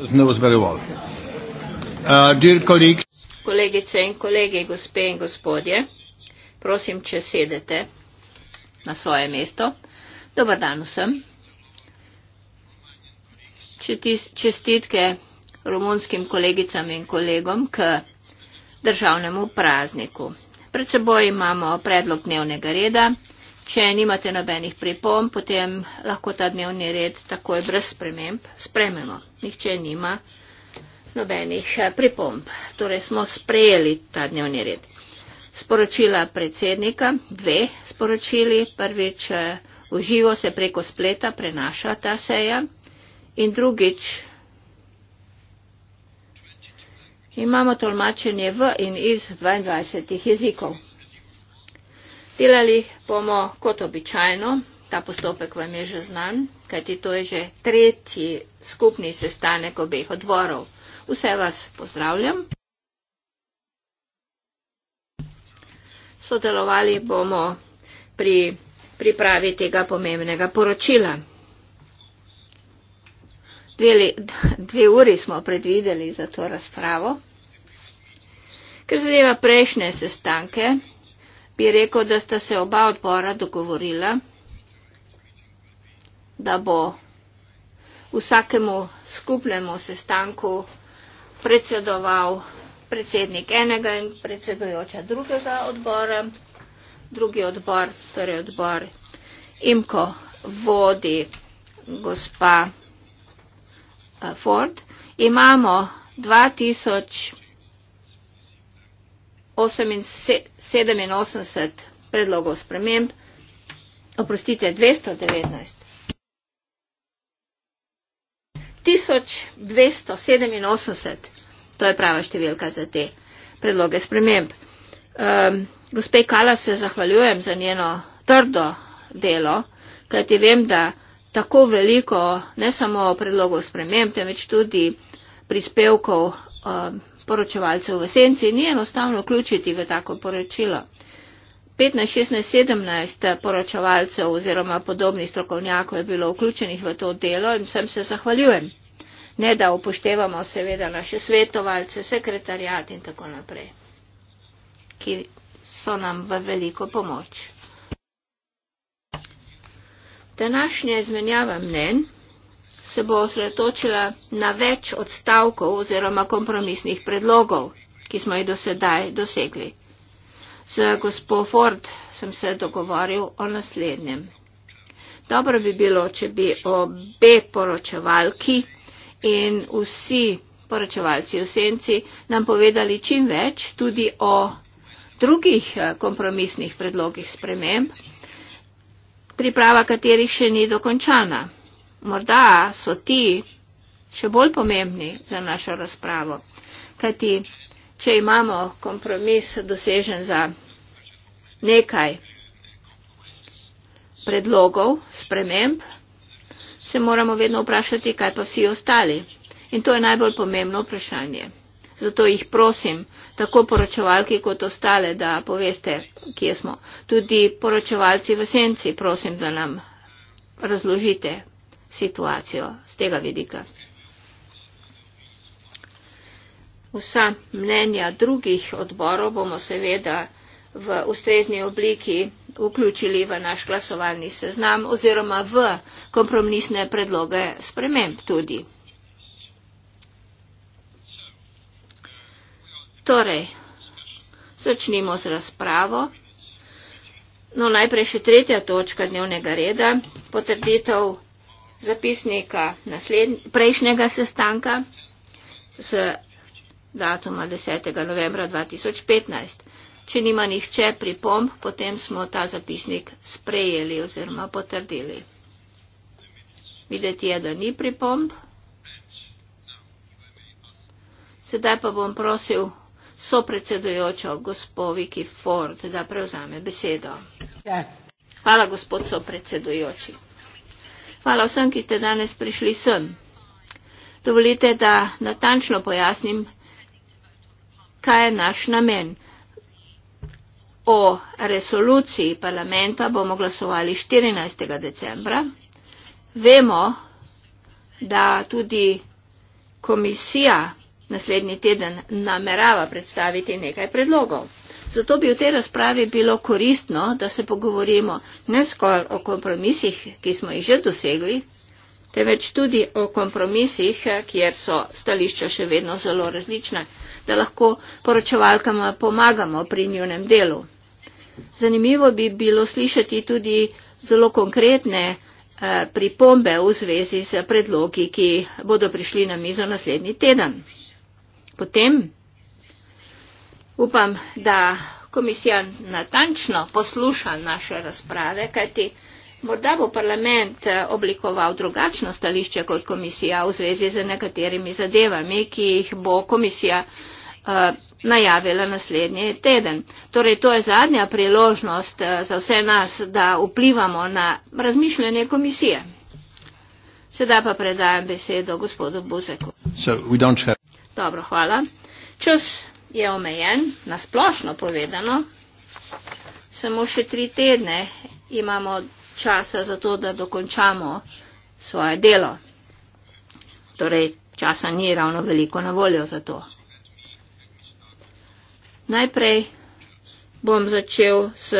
zneuzverjoval. Uh, Kolegice in kolege, gospe in gospodje, prosim, če sedete na svoje mesto. Dobar dan vsem. Čestitke romunskim kolegicam in kolegom k državnemu prazniku. Pred seboj imamo predlog dnevnega reda. Če nimate nobenih pripomb, potem lahko ta dnevni red takoj brez sprememb sprememo. Nihče nima nobenih eh, pripomb. Torej smo sprejeli ta dnevni red. Sporočila predsednika, dve sporočili, prvič uživo eh, se preko spleta prenaša ta seja in drugič imamo tolmačenje v in iz 22 jezikov. Delali bomo kot običajno, ta postopek vam je že znan, kajti to je že tretji skupni sestanek obeh odborov. Vse vas pozdravljam. Sodelovali bomo pri pripravi tega pomembnega poročila. Dve, li, dve uri smo predvideli za to razpravo. Ker zadeva prejšnje sestanke, bi rekel, da sta se oba odbora dogovorila, da bo vsakemu skupnemu sestanku predsedoval predsednik enega in predsedujoča drugega odbora. Drugi odbor, torej odbor IMKO vodi gospa eh, Ford. Imamo 2000 87 predlogov sprememb, oprostite, 219. 1287, to je prava številka za te predloge sprememb. Um, gospe Kala se zahvaljujem za njeno trdo delo, kajti vem, da tako veliko ne samo predlogov sprememb, temveč tudi prispevkov um, poročevalcev v senci, ni enostavno vključiti v tako poročilo. 15, 16, 17 poročevalcev oziroma podobnih strokovnjakov je bilo vključenih v to delo in vsem se zahvaljujem. Ne da upoštevamo seveda naše svetovalce, sekretarjat in tako naprej, ki so nam v veliko pomoč. Današnja izmenjava mnen se bo osredotočila na več odstavkov oziroma kompromisnih predlogov, ki smo jih do sedaj dosegli. Z gospod Ford sem se dogovoril o naslednjem. Dobro bi bilo, če bi obe poročevalki in vsi poročevalci v senci nam povedali čim več tudi o drugih eh, kompromisnih predlogih sprememb, priprava katerih še ni dokončana morda so ti še bolj pomembni za našo razpravo. Kajti, če imamo kompromis dosežen za nekaj predlogov, sprememb, se moramo vedno vprašati, kaj pa vsi ostali. In to je najbolj pomembno vprašanje. Zato jih prosim, tako poročevalki kot ostale, da poveste, kje smo. Tudi poročevalci v senci, prosim, da nam razložite, situacijo z tega vidika. Vsa mnenja drugih odborov bomo seveda v ustrezni obliki vključili v naš glasovalni seznam oziroma v kompromisne predloge sprememb tudi. Torej, začnimo z razpravo. No, najprej še tretja točka dnevnega reda, potrditev zapisnika prejšnjega sestanka z datuma 10. novembra 2015. Če nima nihče pripomb, potem smo ta zapisnik sprejeli oziroma potrdili. Videti je, da ni pripomb. Sedaj pa bom prosil sopredsedujočo gospo Viki Ford, da prevzame besedo. Ja. Hvala, gospod sopredsedujoči. Hvala vsem, ki ste danes prišli sem. Dovolite, da natančno pojasnim, kaj je naš namen. O resoluciji parlamenta bomo glasovali 14. decembra. Vemo, da tudi komisija naslednji teden namerava predstaviti nekaj predlogov. Zato bi v tej razpravi bilo koristno, da se pogovorimo ne zgolj o kompromisih, ki smo jih že dosegli, temveč tudi o kompromisih, kjer so stališča še vedno zelo različna, da lahko poročevalkam pomagamo pri njunem delu. Zanimivo bi bilo slišati tudi zelo konkretne eh, pripombe v zvezi z predlogi, ki bodo prišli na mizo naslednji teden. Potem Upam, da komisija natančno posluša naše razprave, kajti morda bo parlament eh, oblikoval drugačno stališče kot komisija v zvezi z nekaterimi zadevami, ki jih bo komisija eh, najavila naslednji teden. Torej, to je zadnja priložnost eh, za vse nas, da vplivamo na razmišljanje komisije. Sedaj pa predajam besedo gospodu Buzeku. So, have... Dobro, hvala. Čas je omejen, nasplošno povedano, samo še tri tedne imamo časa za to, da dokončamo svoje delo. Torej, časa ni ravno veliko na voljo za to. Najprej bom začel s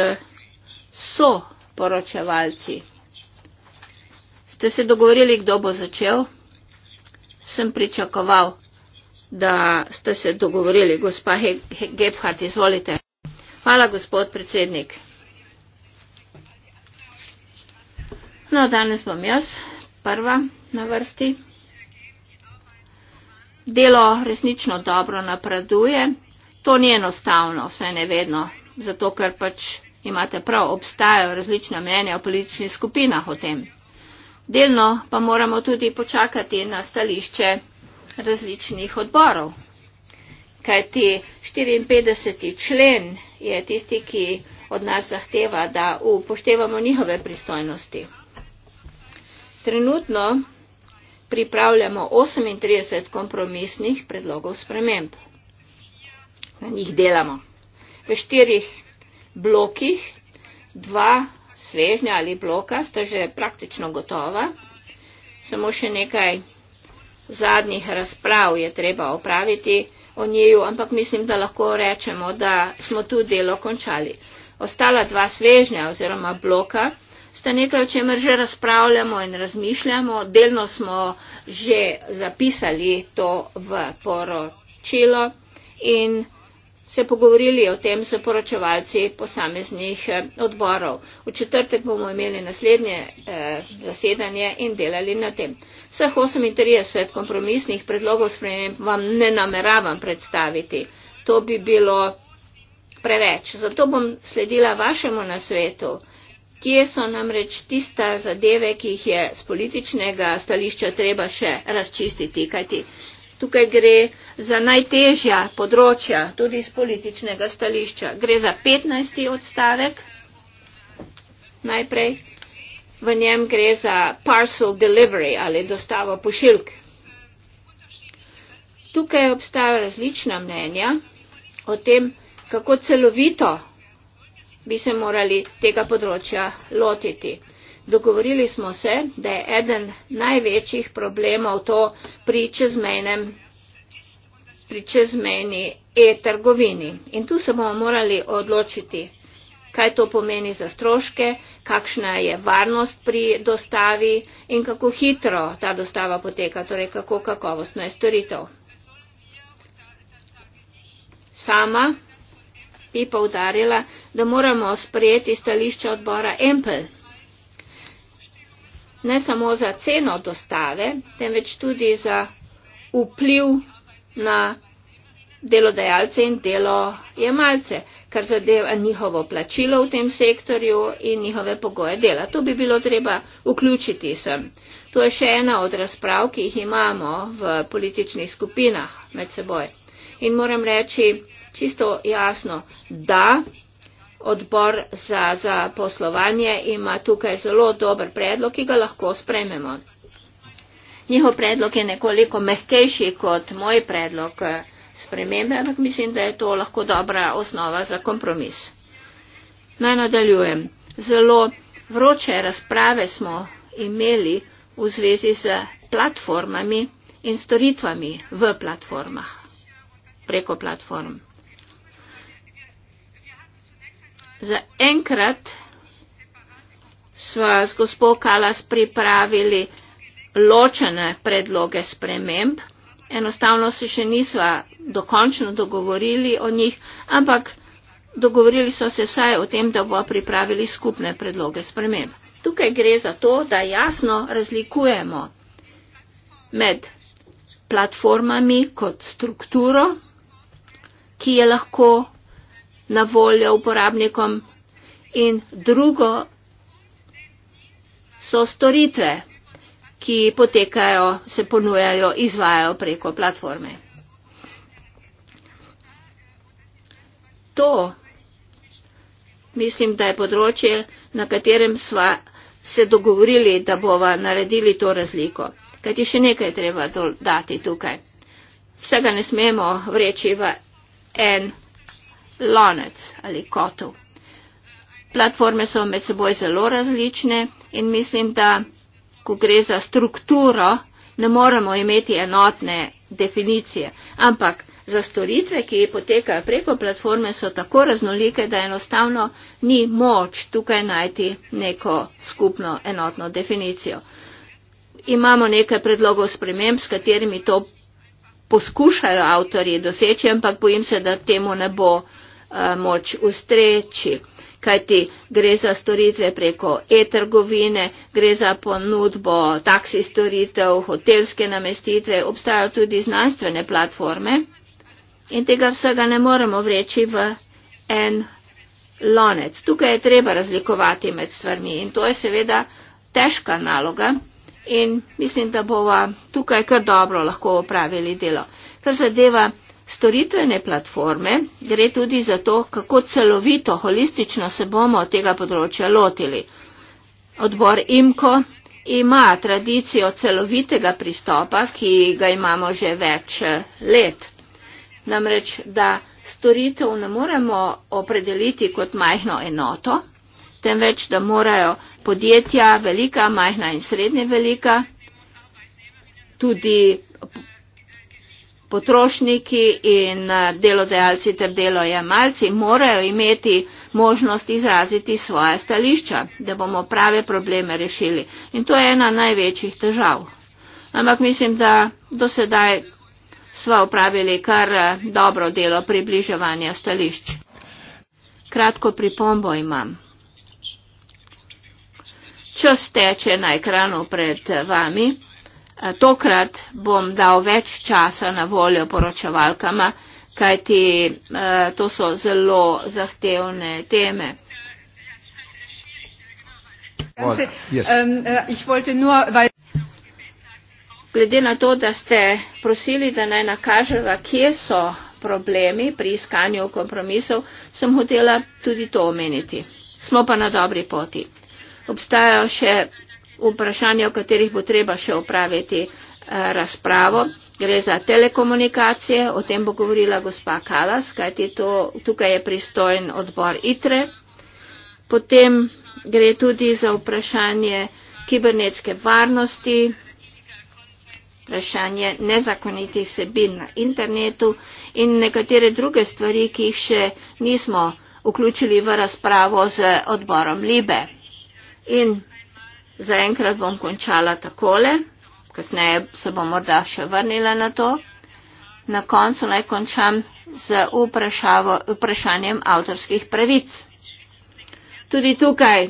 so poročevalci. Ste se dogovorili, kdo bo začel? Sem pričakoval, da ste se dogovorili. Gospa He He Gebhardt, izvolite. Hvala, gospod predsednik. No, danes bom jaz prva na vrsti. Delo resnično dobro napreduje. To ni enostavno, vse ne vedno, zato ker pač imate prav, obstajajo različna mnenja v političnih skupinah o tem. Delno pa moramo tudi počakati na stališče različnih odborov. Kajti 54. člen je tisti, ki od nas zahteva, da upoštevamo njihove pristojnosti. Trenutno pripravljamo 38 kompromisnih predlogov sprememb. Na njih delamo. V štirih blokih dva svežnja ali bloka sta že praktično gotova. Samo še nekaj zadnjih razprav je treba opraviti o njeju, ampak mislim, da lahko rečemo, da smo tu delo končali. Ostala dva svežnja oziroma bloka sta nekaj, o čemer že razpravljamo in razmišljamo. Delno smo že zapisali to v poročilo in se pogovorili o tem s poročevalci posameznih eh, odborov. V četrtek bomo imeli naslednje eh, zasedanje in delali na tem. Vseh 38 kompromisnih predlogov sprememb vam ne nameravam predstaviti. To bi bilo preveč. Zato bom sledila vašemu nasvetu, kje so namreč tista zadeve, ki jih je z političnega stališča treba še razčistiti, kajti tukaj gre za najtežja področja, tudi z političnega stališča. Gre za 15. odstavek. Najprej v njem gre za parcel delivery ali dostavo pošiljk. Tukaj obstajajo različna mnenja o tem, kako celovito bi se morali tega področja lotiti. Dogovorili smo se, da je eden največjih problemov to pri čezmejnem pri čezmejni e-trgovini. In tu se bomo morali odločiti, kaj to pomeni za stroške, kakšna je varnost pri dostavi in kako hitro ta dostava poteka, torej kako kakovostno je storitev. Sama bi povdarjala, da moramo sprejeti stališče odbora Empel. Ne samo za ceno dostave, temveč tudi za vpliv na delodajalce in delojemalce kar zadeva njihovo plačilo v tem sektorju in njihove pogoje dela. To bi bilo treba vključiti sem. To je še ena od razprav, ki jih imamo v političnih skupinah med seboj. In moram reči čisto jasno, da odbor za, za poslovanje ima tukaj zelo dober predlog, ki ga lahko sprememo. Njihov predlog je nekoliko mehkejši kot moj predlog spremembe, ampak mislim, da je to lahko dobra osnova za kompromis. Naj nadaljujem. Zelo vroče razprave smo imeli v zvezi z platformami in storitvami v platformah, preko platform. Za enkrat smo z gospod Kalas pripravili ločene predloge sprememb enostavno se še nisva dokončno dogovorili o njih, ampak dogovorili so se vsaj o tem, da bo pripravili skupne predloge sprememb. Tukaj gre za to, da jasno razlikujemo med platformami kot strukturo, ki je lahko na voljo uporabnikom in drugo so storitve ki potekajo, se ponujajo, izvajajo preko platforme. To mislim, da je področje, na katerem sva se dogovorili, da bova naredili to razliko. Kajti še nekaj treba dodati tukaj. Vsega ne smemo vreči v en lonec ali kotov. Platforme so med seboj zelo različne in mislim, da ko gre za strukturo, ne moremo imeti enotne definicije. Ampak za storitve, ki potekajo preko platforme, so tako raznolike, da enostavno ni moč tukaj najti neko skupno enotno definicijo. Imamo nekaj predlogov sprememb, s katerimi to poskušajo avtori doseči, ampak bojim se, da temu ne bo uh, moč ustreči kajti gre za storitve preko e-trgovine, gre za ponudbo taksi storitev, hotelske namestitve, obstajajo tudi znanstvene platforme in tega vsega ne moremo vreči v en lonec. Tukaj je treba razlikovati med stvarmi in to je seveda težka naloga in mislim, da bova tukaj kar dobro lahko opravili delo. Kar zadeva Storitvene platforme gre tudi za to, kako celovito, holistično se bomo od tega področja lotili. Odbor IMKO ima tradicijo celovitega pristopa, ki ga imamo že več eh, let. Namreč, da storitev ne moremo opredeliti kot majhno enoto, temveč, da morajo podjetja, velika, majhna in srednje velika, tudi potrošniki in eh, delodajalci ter delojemalci morajo imeti možnost izraziti svoje stališča, da bomo prave probleme rešili. In to je ena največjih težav. Ampak mislim, da do sedaj smo upravili kar eh, dobro delo približevanja stališč. Kratko pripombo imam. Čas teče na ekranu pred vami. Eh, tokrat bom dal več časa na voljo poročevalkama, kajti eh, to so zelo zahtevne teme. Um, eh, Glede na to, da ste prosili, da naj nakaževa, kje so problemi pri iskanju kompromisov, sem hotela tudi to omeniti. Smo pa na dobri poti. Obstajajo še vprašanja, o katerih bo treba še opraviti eh, razpravo. Gre za telekomunikacije, o tem bo govorila gospa Kalas, kajti to, tukaj je pristojen odbor ITRE. Potem gre tudi za vprašanje kibernetske varnosti, vprašanje nezakonitih sebin na internetu in nekatere druge stvari, ki jih še nismo vključili v razpravo z odborom Libe. In Zaenkrat bom končala takole, kasneje se bom morda še vrnila na to. Na koncu naj končam z vprašanjem avtorskih pravic. Tudi tukaj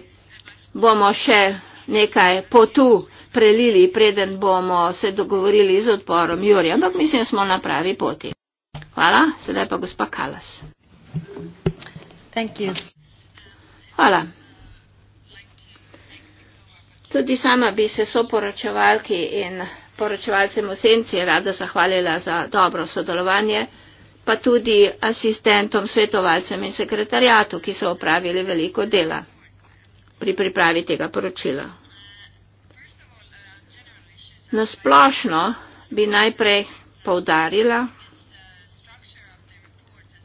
bomo še nekaj potu prelili, preden bomo se dogovorili z odporom Jurija, ampak mislim, smo na pravi poti. Hvala, sedaj pa gospa Kalas. Hvala. Tudi sama bi se soporočevalki in poročevalcem v senci rada zahvalila za dobro sodelovanje, pa tudi asistentom, svetovalcem in sekretarjatu, ki so opravili veliko dela pri pripravi tega poročila. Nasplošno bi najprej povdarila,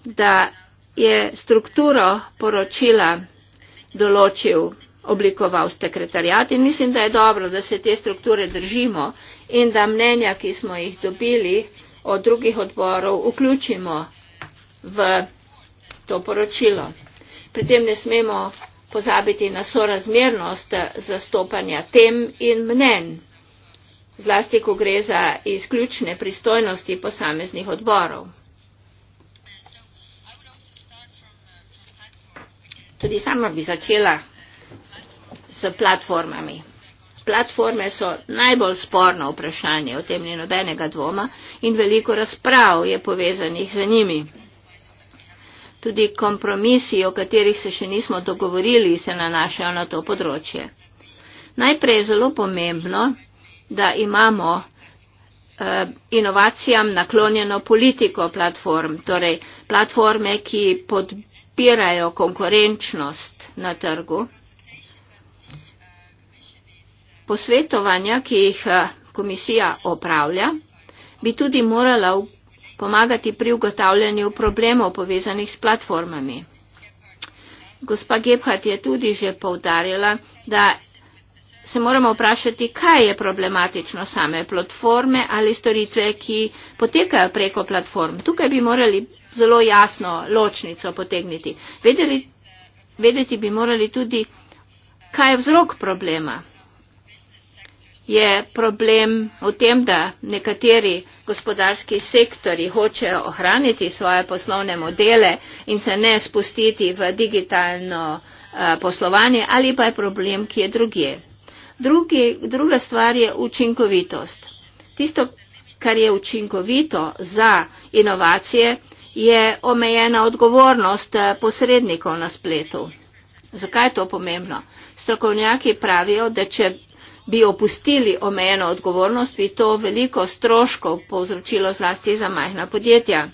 da je strukturo poročila določil oblikoval sekretarijat in mislim, da je dobro, da se te strukture držimo in da mnenja, ki smo jih dobili od drugih odborov, vključimo v to poročilo. Pri tem ne smemo pozabiti na sorazmernost zastopanja tem in mnen, zlasti ko gre za izključne pristojnosti posameznih odborov. Tudi sama bi začela s platformami. Platforme so najbolj sporno vprašanje, o tem ni nobenega dvoma in veliko razprav je povezanih z njimi. Tudi kompromisi, o katerih se še nismo dogovorili, se nanašajo na to področje. Najprej je zelo pomembno, da imamo eh, inovacijam naklonjeno politiko platform, torej platforme, ki podpirajo konkurenčnost na trgu posvetovanja, ki jih eh, komisija opravlja, bi tudi morala pomagati pri ugotavljanju problemov povezanih s platformami. Gospa Gebhardt je tudi že povdarjala, da se moramo vprašati, kaj je problematično same platforme ali storitve, ki potekajo preko platform. Tukaj bi morali zelo jasno ločnico potegniti. Vedeli, vedeti bi morali tudi, kaj je vzrok problema je problem v tem, da nekateri gospodarski sektori hočejo ohraniti svoje poslovne modele in se ne spustiti v digitalno eh, poslovanje ali pa je problem, ki je drugje. Drugi, druga stvar je učinkovitost. Tisto, kar je učinkovito za inovacije, je omejena odgovornost eh, posrednikov na spletu. Zakaj je to pomembno? Strokovnjaki pravijo, da če bi opustili omejeno odgovornost, bi to veliko stroškov povzročilo zlasti za majhna podjetja.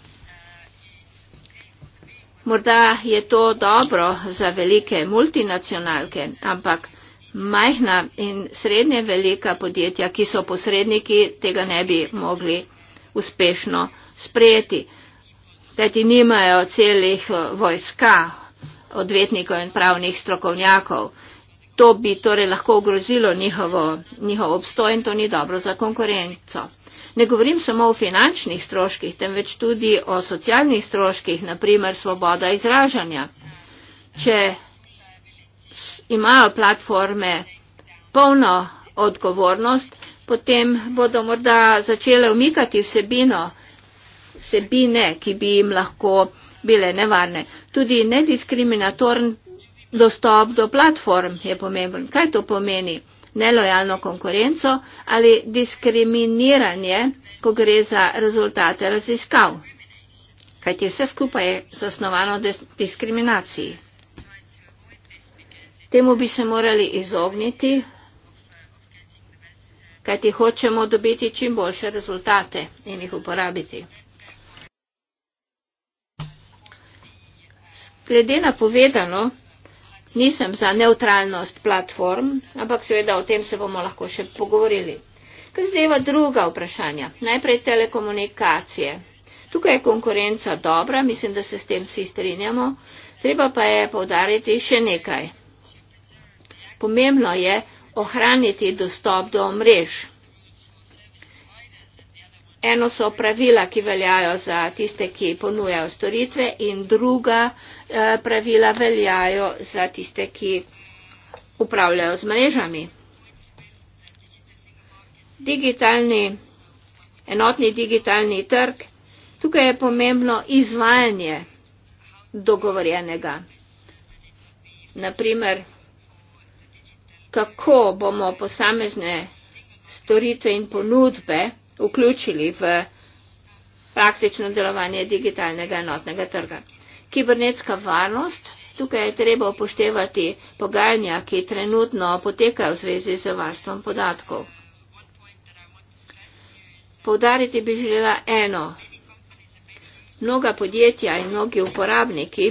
Morda je to dobro za velike multinacionalke, ampak majhna in srednje velika podjetja, ki so posredniki, tega ne bi mogli uspešno sprejeti. Kajti nimajo celih eh, vojska odvetnikov in pravnih strokovnjakov. To bi torej lahko ogrozilo njihovo, njihov obstoj in to ni dobro za konkurenco. Ne govorim samo o finančnih stroških, temveč tudi o socialnih stroških, naprimer svoboda izražanja. Če imajo platforme polno odgovornost, potem bodo morda začele umikati vsebino, vsebine, ki bi jim lahko bile nevarne. Tudi nediskriminatorn Dostop do platform je pomemben. Kaj to pomeni? Nelojalno konkurenco ali diskriminiranje, ko gre za rezultate raziskav? Kaj ti vse skupaj je zasnovano diskriminaciji? Temu bi se morali izogniti, kaj ti hočemo dobiti čim boljše rezultate in jih uporabiti. Glede na povedano, Nisem za neutralnost platform, ampak seveda o tem se bomo lahko še pogovorili. Kaj zdeva druga vprašanja? Najprej telekomunikacije. Tukaj je konkurenca dobra, mislim, da se s tem vsi strinjamo. Treba pa je povdariti še nekaj. Pomembno je ohraniti dostop do mrež. Eno so pravila, ki veljajo za tiste, ki ponujajo storitve, in druga eh, pravila veljajo za tiste, ki upravljajo z mrežami. Digitalni, enotni digitalni trg, tukaj je pomembno izvajanje dogovorjenega. Naprimer, kako bomo posamezne storitve in ponudbe vključili v praktično delovanje digitalnega enotnega trga. Kibernetska varnost. Tukaj je treba upoštevati pogajanja, ki trenutno potekajo v zvezi z varstvom podatkov. Povdariti bi želela eno. Mnoga podjetja in mnogi uporabniki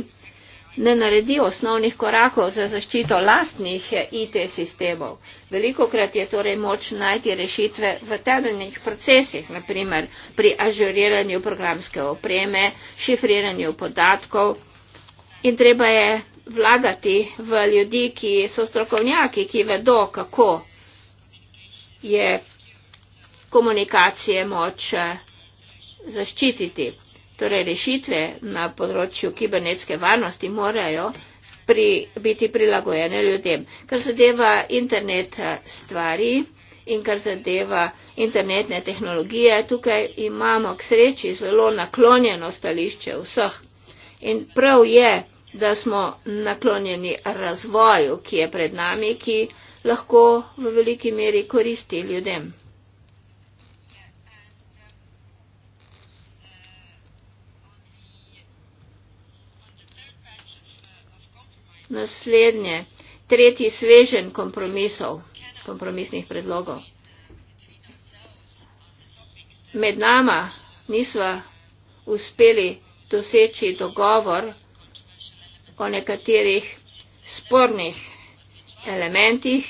ne naredi osnovnih korakov za zaščito lastnih IT sistemov. Veliko krat je torej moč najti rešitve v temeljnih procesih, naprimer pri ažuriranju programske opreme, šifriranju podatkov in treba je vlagati v ljudi, ki so strokovnjaki, ki vedo, kako je komunikacije moč eh, zaščititi. Torej, rešitve na področju kibernetske varnosti morajo pri, biti prilagojene ljudem. Kar zadeva internet eh, stvari in kar zadeva internetne tehnologije, tukaj imamo k sreči zelo naklonjeno stališče vseh. In prav je, da smo naklonjeni razvoju, ki je pred nami, ki lahko v veliki meri koristi ljudem. naslednje, tretji svežen kompromisov, kompromisnih predlogov. Med nama nisva uspeli doseči dogovor o nekaterih spornih elementih,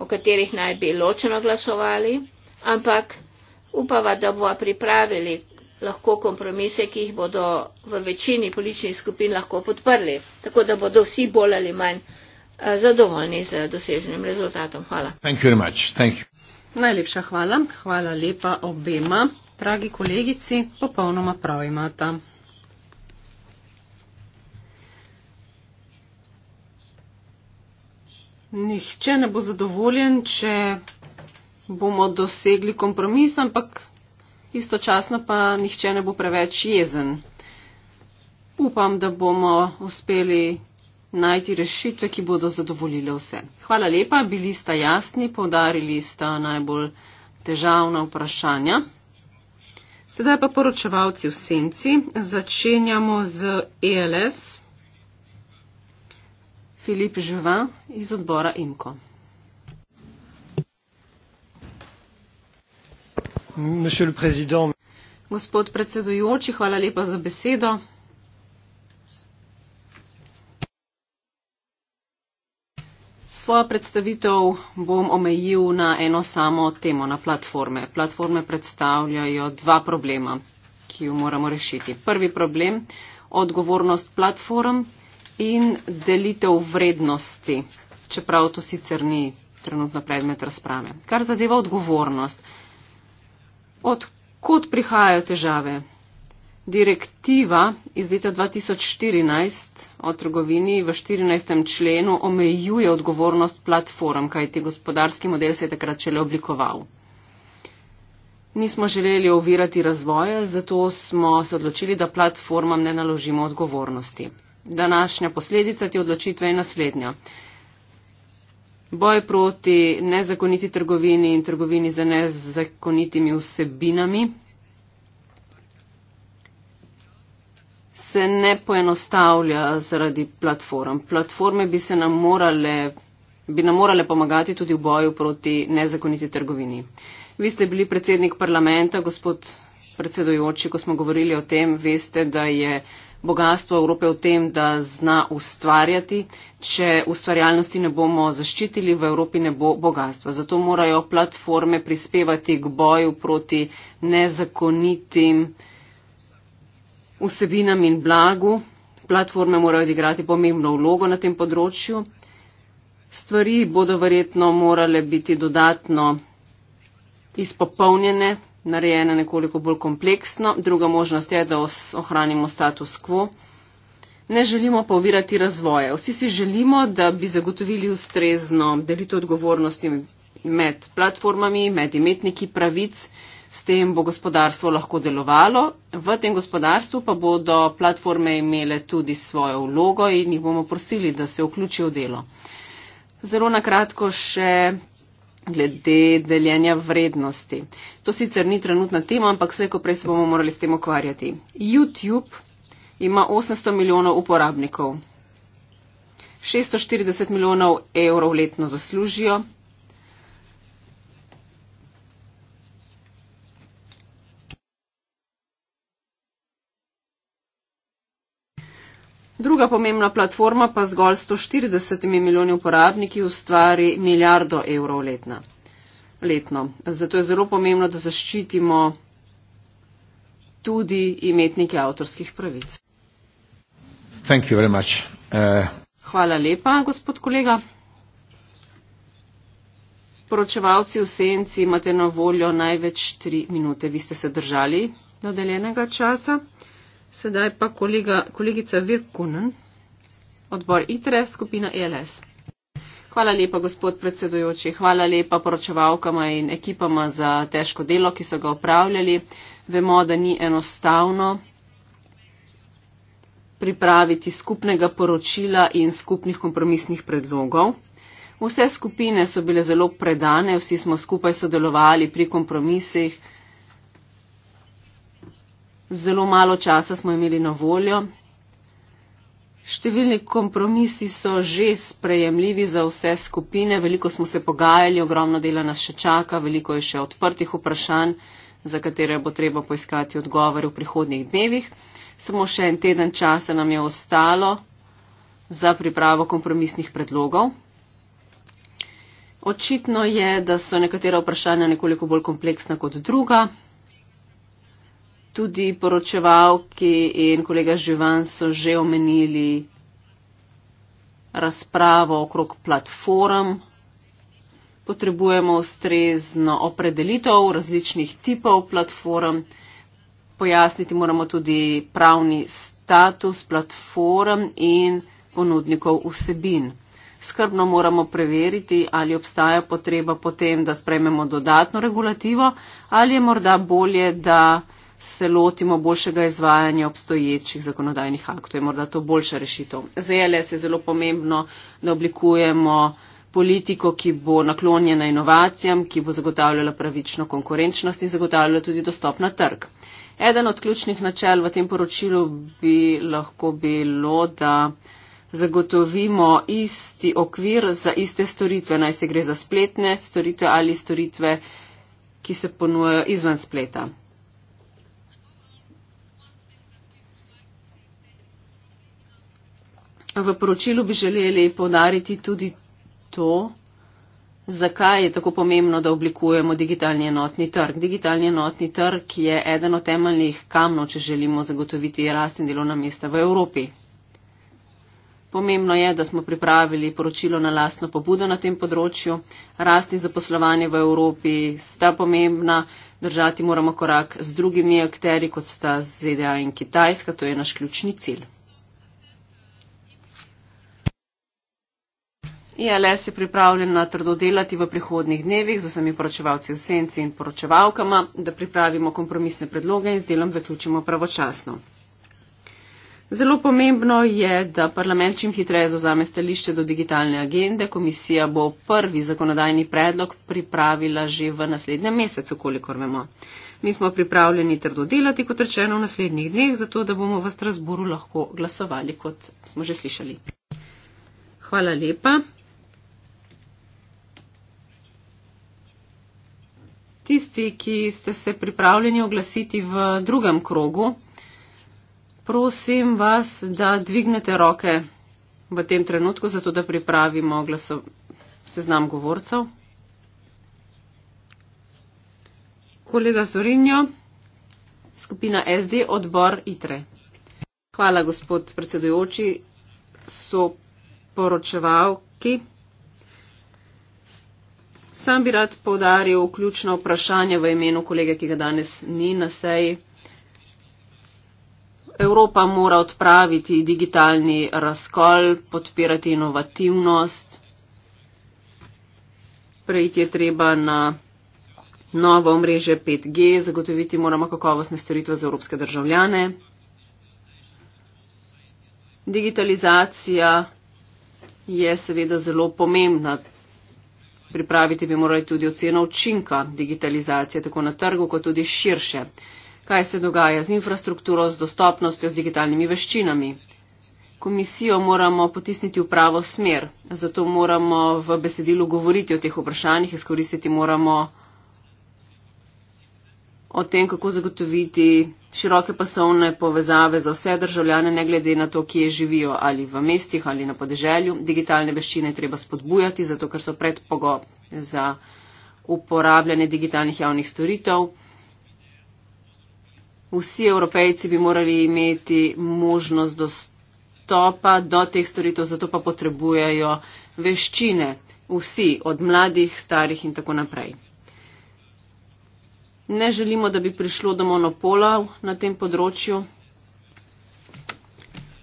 o katerih naj bi ločeno glasovali, ampak upava, da bova pripravili lahko kompromise, ki jih bodo v večini političnih skupin lahko podprli, tako da bodo vsi bolj ali manj eh, zadovoljni z doseženim rezultatom. Hvala. Najlepša hvala. Hvala lepa obema. Dragi kolegici, popolnoma prav imata. Nihče ne bo zadovoljen, če bomo dosegli kompromis, ampak istočasno pa nihče ne bo preveč jezen. Upam, da bomo uspeli najti rešitve, ki bodo zadovoljile vse. Hvala lepa, bili sta jasni, povdarili sta najbolj težavna vprašanja. Sedaj pa poročevalci v senci. Začenjamo z ELS. Filip Živa iz odbora IMKO. Gospod predsedujoči, hvala lepa za besedo. Svojo predstavitev bom omejil na eno samo temo, na platforme. Platforme predstavljajo dva problema, ki jo moramo rešiti. Prvi problem, odgovornost platform in delitev vrednosti, čeprav to sicer ni trenutno predmet razprave. Kar zadeva odgovornost, Odkot prihajajo težave? Direktiva iz leta 2014 o trgovini v 14. členu omejuje odgovornost platform, kajti gospodarski model se je takrat šele oblikoval. Nismo želeli ovirati razvoja, zato smo se odločili, da platformam ne naložimo odgovornosti. Današnja posledica te odločitve je naslednja boj proti nezakoniti trgovini in trgovini za nezakonitimi vsebinami se ne poenostavlja zaradi platform. Platforme bi, se nam, morale, bi nam morale pomagati tudi v boju proti nezakoniti trgovini. Vi ste bili predsednik parlamenta, gospod predsedujoči, ko smo govorili o tem, veste, da je bogatstvo Evrope v tem, da zna ustvarjati. Če ustvarjalnosti ne bomo zaščitili, v Evropi ne bo bogatstva. Zato morajo platforme prispevati k boju proti nezakonitim vsebinam in blagu. Platforme morajo odigrati pomembno vlogo na tem področju. Stvari bodo verjetno morale biti dodatno izpopolnjene, narejena nekoliko bolj kompleksno, druga možnost je, da ohranimo status quo. Ne želimo pa ovirati razvoja. Vsi si želimo, da bi zagotovili ustrezno delitev odgovornosti med platformami, med imetniki pravic, s tem bo gospodarstvo lahko delovalo, v tem gospodarstvu pa bodo platforme imele tudi svojo vlogo in jih bomo prosili, da se vključijo v delo. Zelo nakratko še glede deljenja vrednosti. To sicer ni trenutna tema, ampak vse, ko prej se bomo morali s tem okvarjati. YouTube ima 800 milijonov uporabnikov, 640 milijonov evrov letno zaslužijo, Druga pomembna platforma pa zgolj 140 milijoni uporabniki ustvari milijardo evrov letna. letno. Zato je zelo pomembno, da zaščitimo tudi imetnike avtorskih pravic. Uh... Hvala lepa, gospod kolega. Poročevalci v senci imate na voljo največ tri minute. Vi ste se držali dodeljenega časa. Sedaj pa kolega, kolegica Virkunen, odbor ITRE, skupina ELS. Hvala lepa, gospod predsedujoči. Hvala lepa poročevalkama in ekipama za težko delo, ki so ga upravljali. Vemo, da ni enostavno pripraviti skupnega poročila in skupnih kompromisnih predlogov. Vse skupine so bile zelo predane, vsi smo skupaj sodelovali pri kompromisih zelo malo časa smo imeli na voljo. Številni kompromisi so že sprejemljivi za vse skupine, veliko smo se pogajali, ogromno dela nas še čaka, veliko je še odprtih vprašanj, za katere bo treba poiskati odgovore v prihodnjih dnevih. Samo še en teden časa nam je ostalo za pripravo kompromisnih predlogov. Očitno je, da so nekatera vprašanja nekoliko bolj kompleksna kot druga tudi poročevalki in kolega Živan so že omenili razpravo okrog platform. Potrebujemo ustrezno opredelitev različnih tipov platform. Pojasniti moramo tudi pravni status platform in ponudnikov vsebin. Skrbno moramo preveriti, ali obstaja potreba potem, da sprememo dodatno regulativo ali je morda bolje, da se lotimo boljšega izvajanja obstoječih zakonodajnih aktov. Je morda to boljša rešitev. Za LS je zelo pomembno, da oblikujemo politiko, ki bo naklonjena inovacijam, ki bo zagotavljala pravično konkurenčnost in zagotavljala tudi dostop na trg. Eden od ključnih načel v tem poročilu bi lahko bilo, da zagotovimo isti okvir za iste storitve, naj se gre za spletne storitve ali storitve, ki se ponujejo izven spleta. V poročilu bi želeli ponariti tudi to, zakaj je tako pomembno, da oblikujemo digitalni enotni trg. Digitalni enotni trg je eden od temeljnih kamnov, če želimo zagotoviti rast in delovna mesta v Evropi. Pomembno je, da smo pripravili poročilo na lastno pobudo na tem področju. Rasti zaposlovanje v Evropi sta pomembna, držati moramo korak z drugimi akteri, kot sta ZDA in Kitajska, to je naš ključni cilj. ILS e je pripravljena trdo delati v prihodnih dnevih z vsemi poročevalci v senci in poročevalkama, da pripravimo kompromisne predloge in z delom zaključimo pravočasno. Zelo pomembno je, da parlament čim hitreje zauzame stališče do digitalne agende. Komisija bo prvi zakonodajni predlog pripravila že v naslednjem mesecu, kolikor vemo. Mi smo pripravljeni trdo delati, kot rečeno, v naslednjih dneh, zato da bomo v Strasburu lahko glasovali, kot smo že slišali. Hvala lepa. tisti, ki ste se pripravljeni oglasiti v drugem krogu, prosim vas, da dvignete roke v tem trenutku, zato da pripravimo glaso, seznam govorcev. Kolega Zorinjo, skupina SD, odbor ITRE. Hvala, gospod predsedujoči, so poročevalki. Sam bi rad povdaril ključno vprašanje v imenu kolege, ki ga danes ni na seji. Evropa mora odpraviti digitalni razkol, podpirati inovativnost, prejti je treba na novo mreže 5G, zagotoviti moramo kakovostne storitve za evropske državljane. Digitalizacija je seveda zelo pomembna Pripraviti bi morali tudi oceno učinka digitalizacije, tako na trgu, kot tudi širše. Kaj se dogaja z infrastrukturo, z dostopnostjo, z digitalnimi veščinami? Komisijo moramo potisniti v pravo smer, zato moramo v besedilu govoriti o teh vprašanjih, izkoristiti moramo o tem, kako zagotoviti široke pasovne povezave za vse državljane, ne glede na to, kje živijo ali v mestih ali na podeželju. Digitalne veščine treba spodbujati, zato ker so predpogo za uporabljanje digitalnih javnih storitev. Vsi evropejci bi morali imeti možnost dostopa do teh storitev, zato pa potrebujejo veščine. Vsi, od mladih, starih in tako naprej ne želimo, da bi prišlo do monopola na tem področju.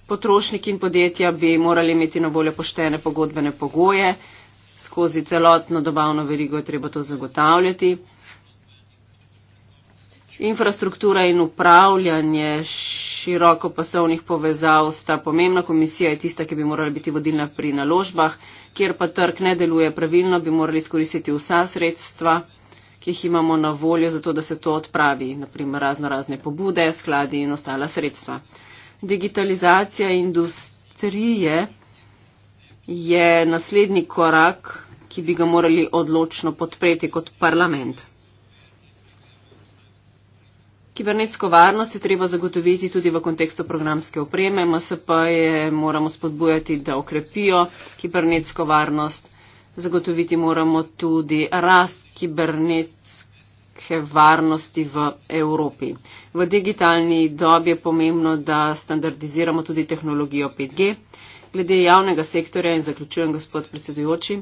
Potrošniki in podjetja bi morali imeti na voljo poštene pogodbene pogoje, skozi celotno dobavno verigo je treba to zagotavljati. Infrastruktura in upravljanje široko pasovnih povezav sta pomembna. Komisija je tista, ki bi morala biti vodilna pri naložbah, kjer pa trg ne deluje pravilno, bi morali izkoristiti vsa sredstva ki jih imamo na voljo za to, da se to odpravi, naprimer razno razne pobude, skladi in ostala sredstva. Digitalizacija industrije je naslednji korak, ki bi ga morali odločno podpreti kot parlament. Kibernetsko varnost je treba zagotoviti tudi v kontekstu programske opreme, MSP je moramo spodbujati, da okrepijo kibernetsko varnost, Zagotoviti moramo tudi rast kibernetske varnosti v Evropi. V digitalni dobi je pomembno, da standardiziramo tudi tehnologijo 5G. Glede javnega sektorja in zaključujem, gospod predsedujoči,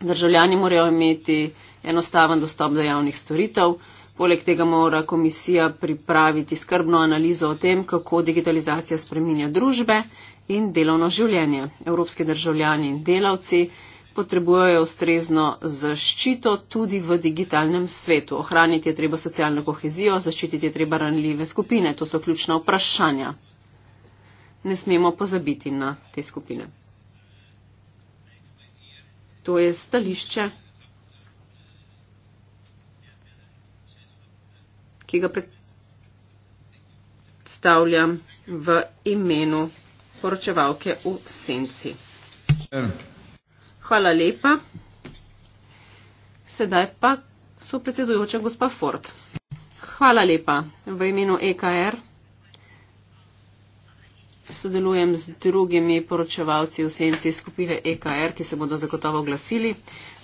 državljani morajo imeti enostaven dostop do javnih storitev. Poleg tega mora komisija pripraviti skrbno analizo o tem, kako digitalizacija spreminja družbe in delovno življenje. Evropski državljani in delavci potrebujejo ustrezno zaščito tudi v digitalnem svetu. Ohraniti je treba socialno kohezijo, zaščititi je treba ranljive skupine. To so ključna vprašanja. Ne smemo pozabiti na te skupine. To je stališče, ki ga predstavljam v imenu poročevalke v senci. Yeah. Hvala lepa. Sedaj pa so predsedujoča gospa Ford. Hvala lepa v imenu EKR. Sodelujem z drugimi poročevalci v senci skupine EKR, ki se bodo zagotovo glasili.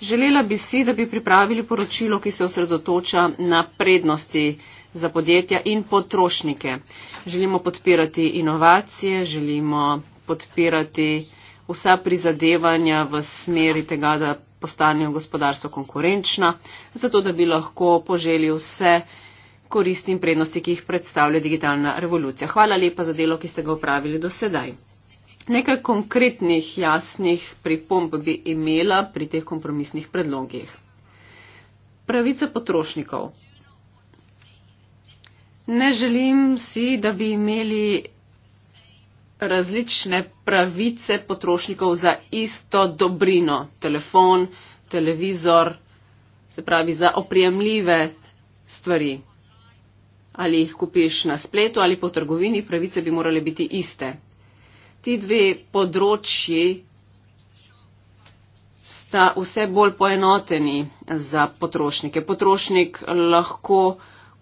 Želela bi si, da bi pripravili poročilo, ki se osredotoča na prednosti za podjetja in potrošnike. Želimo podpirati inovacije, želimo podpirati vsa prizadevanja v smeri tega, da postanejo gospodarstvo konkurenčna, zato da bi lahko poželi vse koristi in prednosti, ki jih predstavlja digitalna revolucija. Hvala lepa za delo, ki ste ga upravili do sedaj. Nekaj konkretnih jasnih pripomb bi imela pri teh kompromisnih predlogih. Pravice potrošnikov. Ne želim si, da bi imeli različne pravice potrošnikov za isto dobrino, telefon, televizor, se pravi za oprijemljive stvari. Ali jih kupiš na spletu ali po trgovini, pravice bi morale biti iste. Ti dve področji sta vse bolj poenoteni za potrošnike. Potrošnik lahko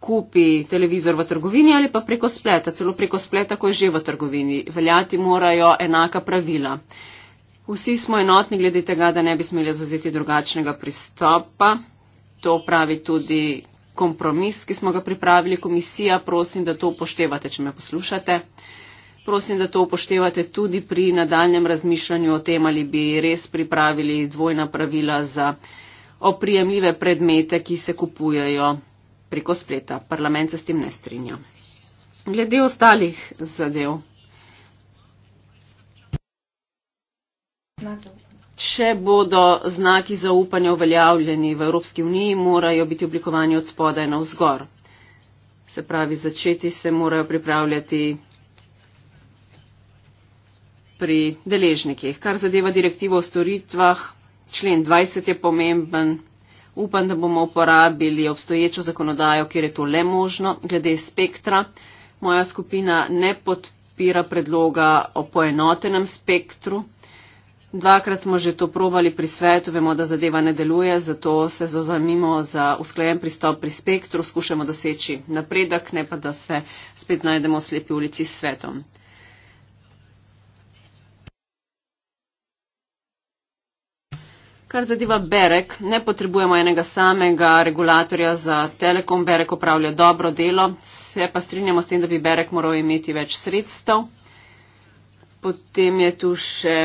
kupi televizor v trgovini ali pa preko spleta, celo preko spleta, ko je že v trgovini. Veljati morajo enaka pravila. Vsi smo enotni glede tega, da ne bi smeli zauzeti drugačnega pristopa. To pravi tudi kompromis, ki smo ga pripravili komisija. Prosim, da to upoštevate, če me poslušate. Prosim, da to upoštevate tudi pri nadaljem razmišljanju o tem, ali bi res pripravili dvojna pravila za oprijemljive predmete, ki se kupujejo preko spleta. Parlament se s tem ne strinja. Glede ostalih zadev. Če bodo znaki zaupanja uveljavljeni v Evropski uniji, morajo biti oblikovani od spodaj na vzgor. Se pravi, začeti se morajo pripravljati pri deležnikih. Kar zadeva direktivo o storitvah, člen 20 je pomemben, Upam, da bomo uporabili obstoječo zakonodajo, kjer je to le možno, glede spektra. Moja skupina ne podpira predloga o poenotenem spektru. Dvakrat smo že to provali pri svetu, vemo, da zadeva ne deluje, zato se zauzamimo za usklajen pristop pri spektru, skušamo doseči napredek, ne pa da se spet znajdemo v slepi ulici s svetom. Kar zadeva Berek, ne potrebujemo enega samega regulatorja za telekom. Berek upravlja dobro delo, se pa strinjamo s tem, da bi Berek moral imeti več sredstev. Potem je tu še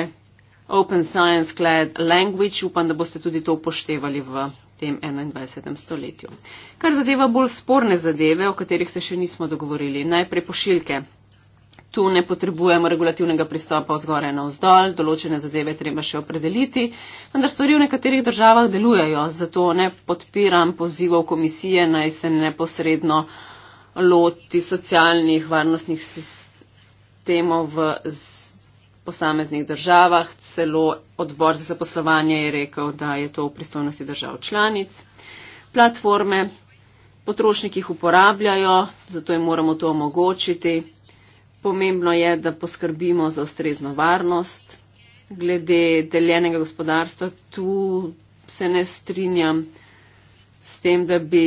Open Science Cloud Language, upam, da boste tudi to upoštevali v tem 21. stoletju. Kar zadeva bolj sporne zadeve, o katerih se še nismo dogovorili. Najprej pošiljke tu ne potrebujemo regulativnega pristopa vzgor in vzdolj, določene zadeve treba še opredeliti, vendar stvari v nekaterih državah delujejo, zato ne podpiram pozivov komisije naj se neposredno loti socialnih varnostnih sistemov v posameznih državah, celo odbor za zaposlovanje je rekel, da je to v pristojnosti držav članic. Platforme potrošnikih uporabljajo, zato jim moramo to omogočiti pomembno je, da poskrbimo za ustrezno varnost. Glede deljenega gospodarstva, tu se ne strinjam s tem, da bi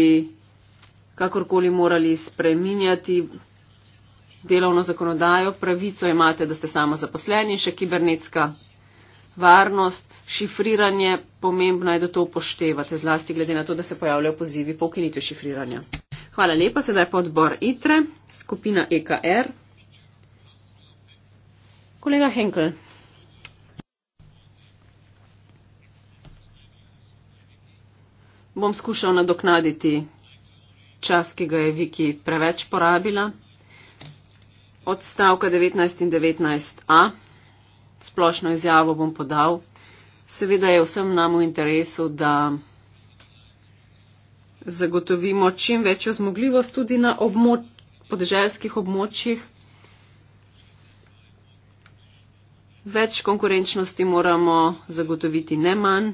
kakorkoli morali spreminjati delovno zakonodajo. Pravico imate, da ste samo zaposleni, še kibernetska varnost. Šifriranje, pomembno je, da to upoštevate, zlasti glede na to, da se pojavljajo pozivi po ukinitvi šifriranja. Hvala lepa, sedaj pa odbor ITRE, skupina EKR. Kolega Henkel. Bom skušal nadoknaditi čas, ki ga je Viki preveč porabila. Odstavka 19 in 19a. Splošno izjavo bom podal. Seveda je vsem nam v interesu, da zagotovimo čim večjo zmogljivost tudi na območ podeželskih območjih. več konkurenčnosti moramo zagotoviti ne manj.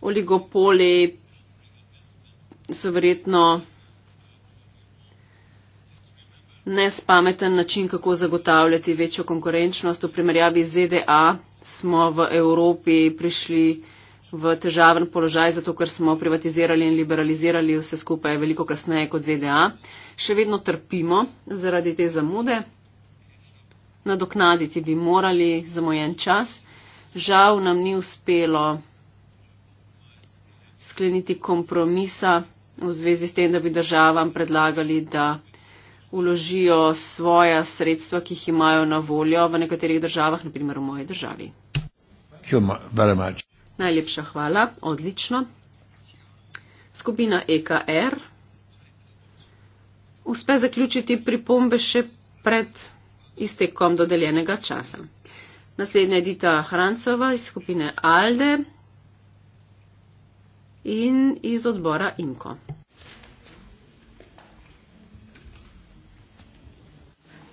Oligopoli so verjetno nespameten način, kako zagotavljati večjo konkurenčnost. V primerjavi z ZDA smo v Evropi prišli v težaven položaj, zato ker smo privatizirali in liberalizirali vse skupaj veliko kasneje kot ZDA. Še vedno trpimo zaradi te zamude. Nadoknaditi bi morali zamojen čas. Žal nam ni uspelo skleniti kompromisa v zvezi s tem, da bi državam predlagali, da uložijo svoja sredstva, ki jih imajo na voljo v nekaterih državah, naprimer v moji državi. Thank you very much. Najlepša hvala, odlično. Skupina EKR. Uspe zaključiti pripombe še pred iztekom dodeljenega časa. Naslednja je Dita Hrancova iz skupine ALDE in iz odbora IMKO.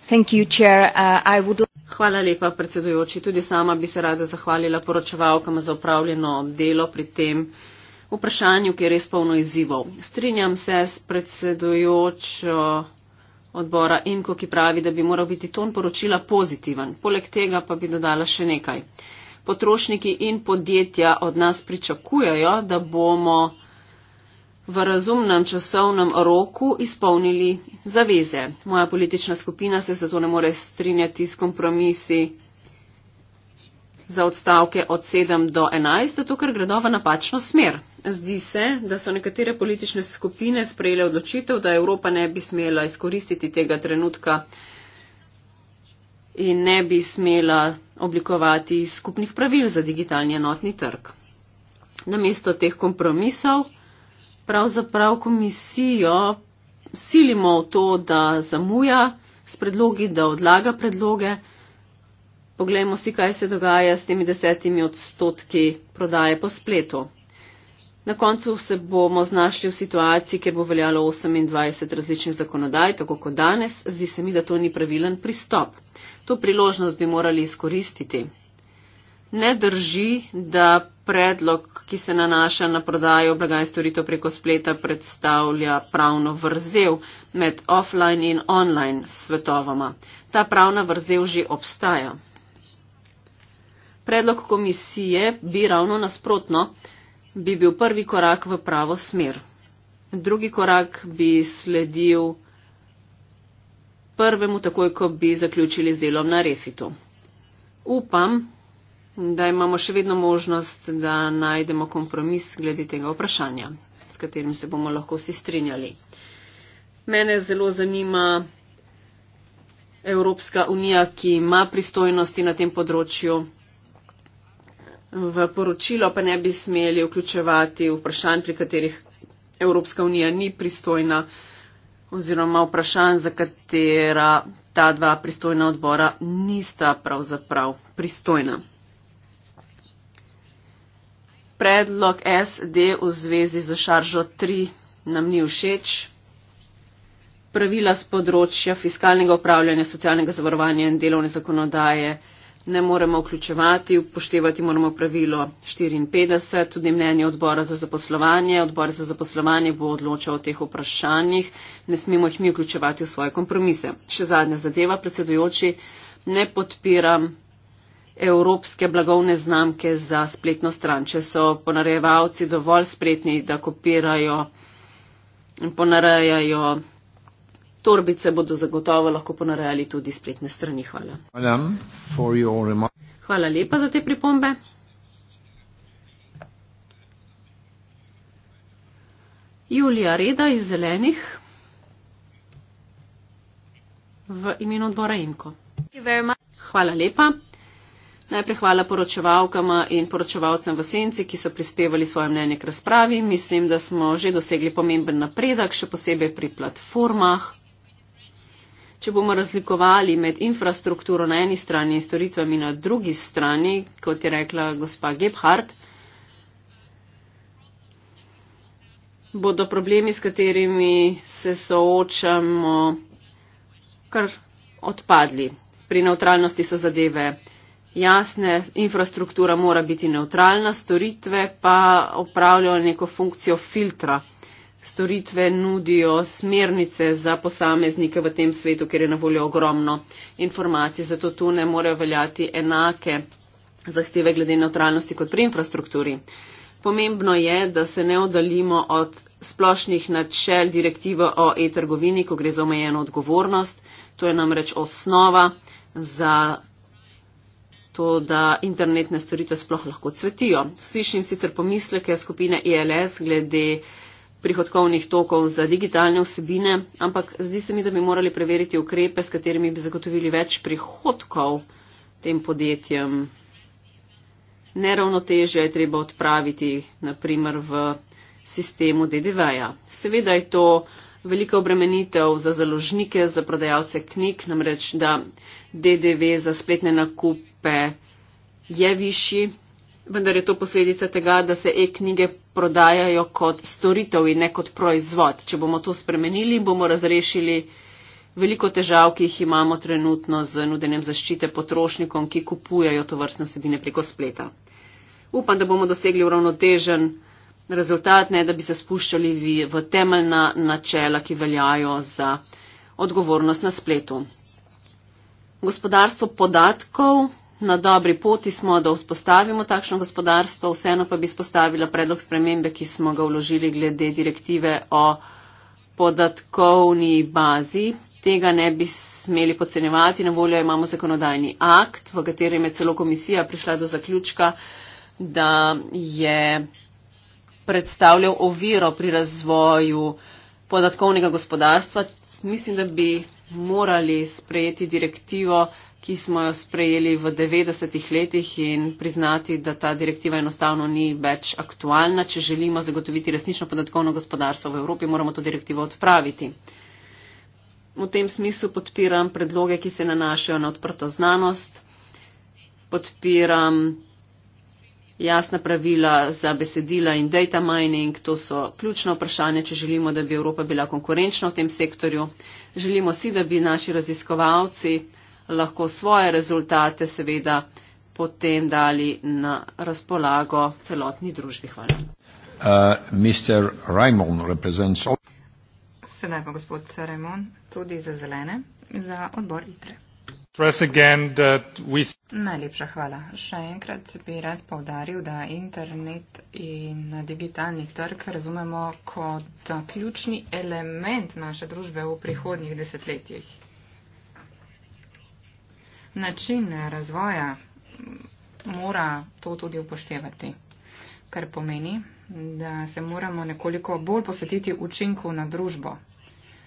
Thank you, Chair. Uh, I would... Hvala lepa, predsedujoči. Tudi sama bi se rada zahvalila poročevalkam za upravljeno delo pri tem vprašanju, ki je res polno izzivov. Strinjam se s predsedujočo odbora Inko, ki pravi, da bi moral biti ton poročila pozitiven. Poleg tega pa bi dodala še nekaj. Potrošniki in podjetja od nas pričakujejo, da bomo v razumnem časovnem roku izpolnili zaveze. Moja politična skupina se zato ne more strinjati s kompromisi za odstavke od 7 do 11, zato ker gredo v napačno smer. Zdi se, da so nekatere politične skupine sprejele odločitev, da Evropa ne bi smela izkoristiti tega trenutka in ne bi smela oblikovati skupnih pravil za digitalni enotni trg. Namesto teh kompromisov pravzaprav komisijo silimo v to, da zamuja s predlogi, da odlaga predloge. Poglejmo si, kaj se dogaja s temi desetimi odstotki prodaje po spletu. Na koncu se bomo znašli v situaciji, kjer bo veljalo 28 različnih zakonodaj, tako kot danes. Zdi se mi, da to ni pravilen pristop. To priložnost bi morali izkoristiti. Ne drži, da predlog, ki se nanaša na prodajo blaga in storitev preko spleta, predstavlja pravno vrzel med offline in online svetovama. Ta pravna vrzel že obstaja. Predlog komisije bi ravno nasprotno bi bil prvi korak v pravo smer. Drugi korak bi sledil prvemu, takoj ko bi zaključili z delom na refitu. Upam, da imamo še vedno možnost, da najdemo kompromis glede tega vprašanja, s katerim se bomo lahko vsi strinjali. Mene zelo zanima Evropska unija, ki ima pristojnosti na tem področju. V poročilo pa ne bi smeli vključevati vprašanj, pri katerih Evropska unija ni pristojna oziroma vprašanj, za katera ta dva pristojna odbora nista pravzaprav pristojna predlog SD v zvezi z šaržo 3 nam ni všeč. Pravila z področja fiskalnega upravljanja, socialnega zavarovanja in delovne zakonodaje ne moremo vključevati, upoštevati moramo pravilo 54, tudi mnenje odbora za zaposlovanje. Odbor za zaposlovanje bo odločal o teh vprašanjih, ne smemo jih mi vključevati v svoje kompromise. Še zadnja zadeva, predsedujoči, ne podpiram evropske blagovne znamke za spletno stran, če so ponarejevalci dovolj spretni, da kopirajo in ponarejajo torbice, bodo zagotovo lahko ponarejali tudi spletne strani. Hvala. Hvala lepa za te pripombe. Julija Reda iz Zelenih v imenu odbora Imko. Hvala lepa. Najprej hvala poročevalkama in poročevalcem v senci, ki so prispevali svoje mnenje k razpravi. Mislim, da smo že dosegli pomemben napredek, še posebej pri platformah. Če bomo razlikovali med infrastrukturo na eni strani in storitvami na drugi strani, kot je rekla gospa Gebhardt, bodo problemi, s katerimi se soočamo, kar odpadli. Pri neutralnosti so zadeve jasne, infrastruktura mora biti neutralna, storitve pa opravljajo neko funkcijo filtra. Storitve nudijo smernice za posameznike v tem svetu, ker je na voljo ogromno informacij, zato tu ne morejo veljati enake zahteve glede neutralnosti kot pri infrastrukturi. Pomembno je, da se ne oddaljimo od splošnih načel direktive o e-trgovini, ko gre za omejeno odgovornost. To je namreč osnova za to, da internetne storitve sploh lahko cvetijo. Slišim sicer pomisleke skupine ILS e glede prihodkovnih tokov za digitalne vsebine, ampak zdi se mi, da bi morali preveriti ukrepe, s katerimi bi zagotovili več prihodkov tem podjetjem. Neravnotežje je treba odpraviti, naprimer v sistemu DDV-ja. Seveda je to velika obremenitev za založnike, za prodajalce knjig, namreč da DDV za spletne nakupe je višji, vendar je to posledica tega, da se e-knjige prodajajo kot storitev in ne kot proizvod. Če bomo to spremenili, bomo razrešili veliko težav, ki jih imamo trenutno z nudenjem zaščite potrošnikom, ki kupujajo to vrstno sebine preko spleta. Upam, da bomo dosegli uravnotežen rezultat, ne da bi se spuščali vi v temeljna načela, ki veljajo za odgovornost na spletu. Gospodarstvo podatkov. Na dobri poti smo, da vzpostavimo takšno gospodarstvo, vseeno pa bi spostavila predlog spremembe, ki smo ga vložili glede direktive o podatkovni bazi. Tega ne bi smeli podcenjevati, na voljo imamo zakonodajni akt, v katerem je celo komisija prišla do zaključka, da je predstavljal oviro pri razvoju podatkovnega gospodarstva. Mislim, da bi morali sprejeti direktivo, ki smo jo sprejeli v 90-ih letih in priznati, da ta direktiva enostavno ni več aktualna. Če želimo zagotoviti resnično podatkovno gospodarstvo v Evropi, moramo to direktivo odpraviti. V tem smislu podpiram predloge, ki se nanašajo na odprto znanost, podpiram jasna pravila za besedila in data mining. To so ključna vprašanja, če želimo, da bi Evropa bila konkurenčna v tem sektorju. Želimo si, da bi naši raziskovalci lahko svoje rezultate seveda potem dali na razpolago celotni družbi. Hvala. Uh, Se naj pa gospod Raymond tudi za zelene, za odbor ITRE. Najlepša hvala. Še enkrat bi rad povdaril, da internet in digitalni trg razumemo kot ključni element naše družbe v prihodnjih desetletjih. Način razvoja mora to tudi upoštevati, kar pomeni, da se moramo nekoliko bolj posvetiti učinku na družbo.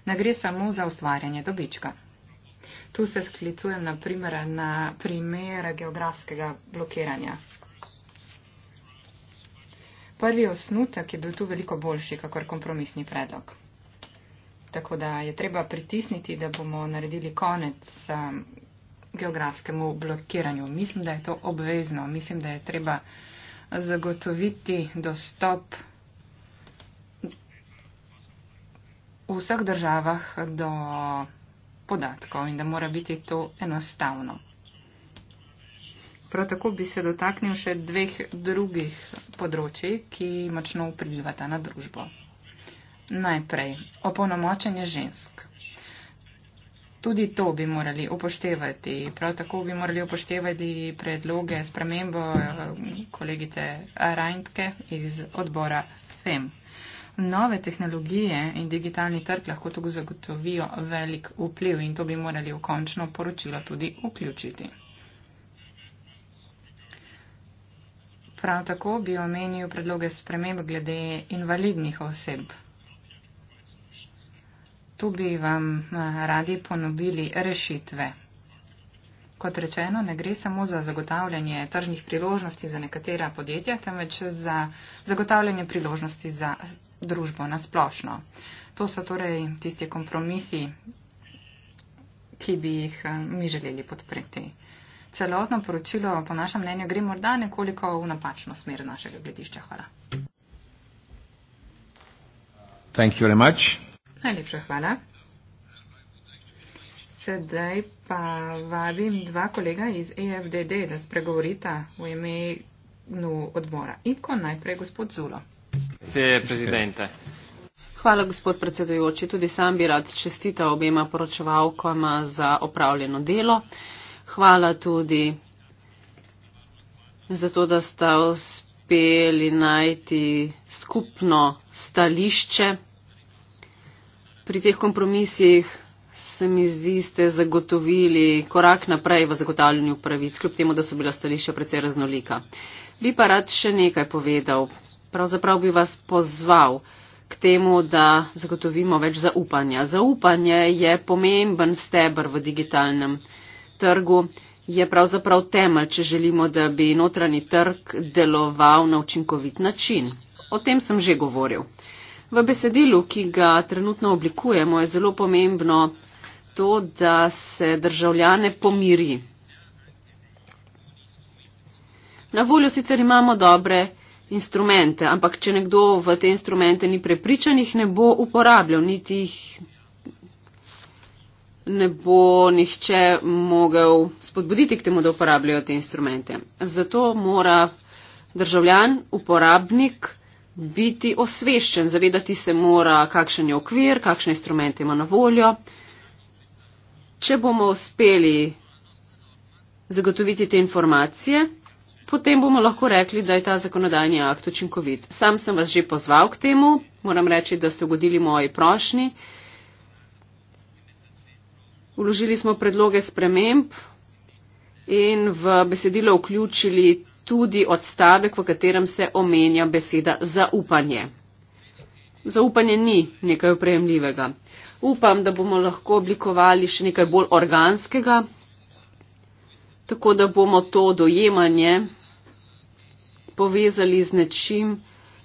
Ne gre samo za ustvarjanje dobička. Tu se sklicujem na primer na primer geografskega blokiranja. Prvi osnutek je bil tu veliko boljši, kakor kompromisni predlog. Tako da je treba pritisniti, da bomo naredili konec um, geografskemu blokiranju. Mislim, da je to obvezno. Mislim, da je treba zagotoviti dostop v vseh državah do podatkov in da mora biti to enostavno. Prav tako bi se dotaknil še dveh drugih področji, ki močno vplivata na družbo. Najprej, opolnomočenje žensk. Tudi to bi morali upoštevati. Prav tako bi morali upoštevati predloge spremembo eh, kolegite Reintke iz odbora FEM nove tehnologije in digitalni trg lahko tako zagotovijo velik vpliv in to bi morali v končno poročilo tudi vključiti. Prav tako bi omenil predloge sprememb glede invalidnih oseb. Tu bi vam eh, radi ponudili rešitve. Kot rečeno, ne gre samo za zagotavljanje tržnih priložnosti za nekatera podjetja, temveč za zagotavljanje priložnosti za družbo nasplošno. To so torej tisti kompromisi, ki bi jih eh, mi želeli podpreti. Celotno poročilo, po našem mnenju, gre morda nekoliko v napačno smer našega gledišča. Hvala. Najlepša hvala. Sedaj pa vabim dva kolega iz EFDD, da spregovorita v imenu odbora. Ipko najprej gospod Zulo. Hvala, gospod predsedujoči. Tudi sam bi rad čestital obema poročevalkama za opravljeno delo. Hvala tudi za to, da sta uspeli najti skupno stališče. Pri teh kompromisih se mi zdi, ste zagotovili korak naprej v zagotavljanju pravic, kljub temu, da so bila stališča precej raznolika. Bi pa rad še nekaj povedal pravzaprav bi vas pozval k temu, da zagotovimo več zaupanja. Zaupanje je pomemben stebr v digitalnem trgu, je pravzaprav temelj, če želimo, da bi notranji trg deloval na učinkovit način. O tem sem že govoril. V besedilu, ki ga trenutno oblikujemo, je zelo pomembno to, da se državljane pomiri. Na voljo sicer imamo dobre instrumente, ampak če nekdo v te instrumente ni prepričan, jih ne bo uporabljal, niti jih ne bo nihče mogel spodbuditi k temu, da uporabljajo te instrumente. Zato mora državljan, uporabnik biti osveščen, zavedati se mora, kakšen je okvir, kakšne instrumente ima na voljo. Če bomo uspeli zagotoviti te informacije, potem bomo lahko rekli, da je ta zakonodajni akt učinkovit. Sam sem vas že pozval k temu, moram reči, da ste ugodili moji prošnji. Uložili smo predloge sprememb in v besedilo vključili tudi odstavek, v katerem se omenja beseda zaupanje. Zaupanje ni nekaj prejemljivega. Upam, da bomo lahko oblikovali še nekaj bolj organskega, tako da bomo to dojemanje povezali z nečim,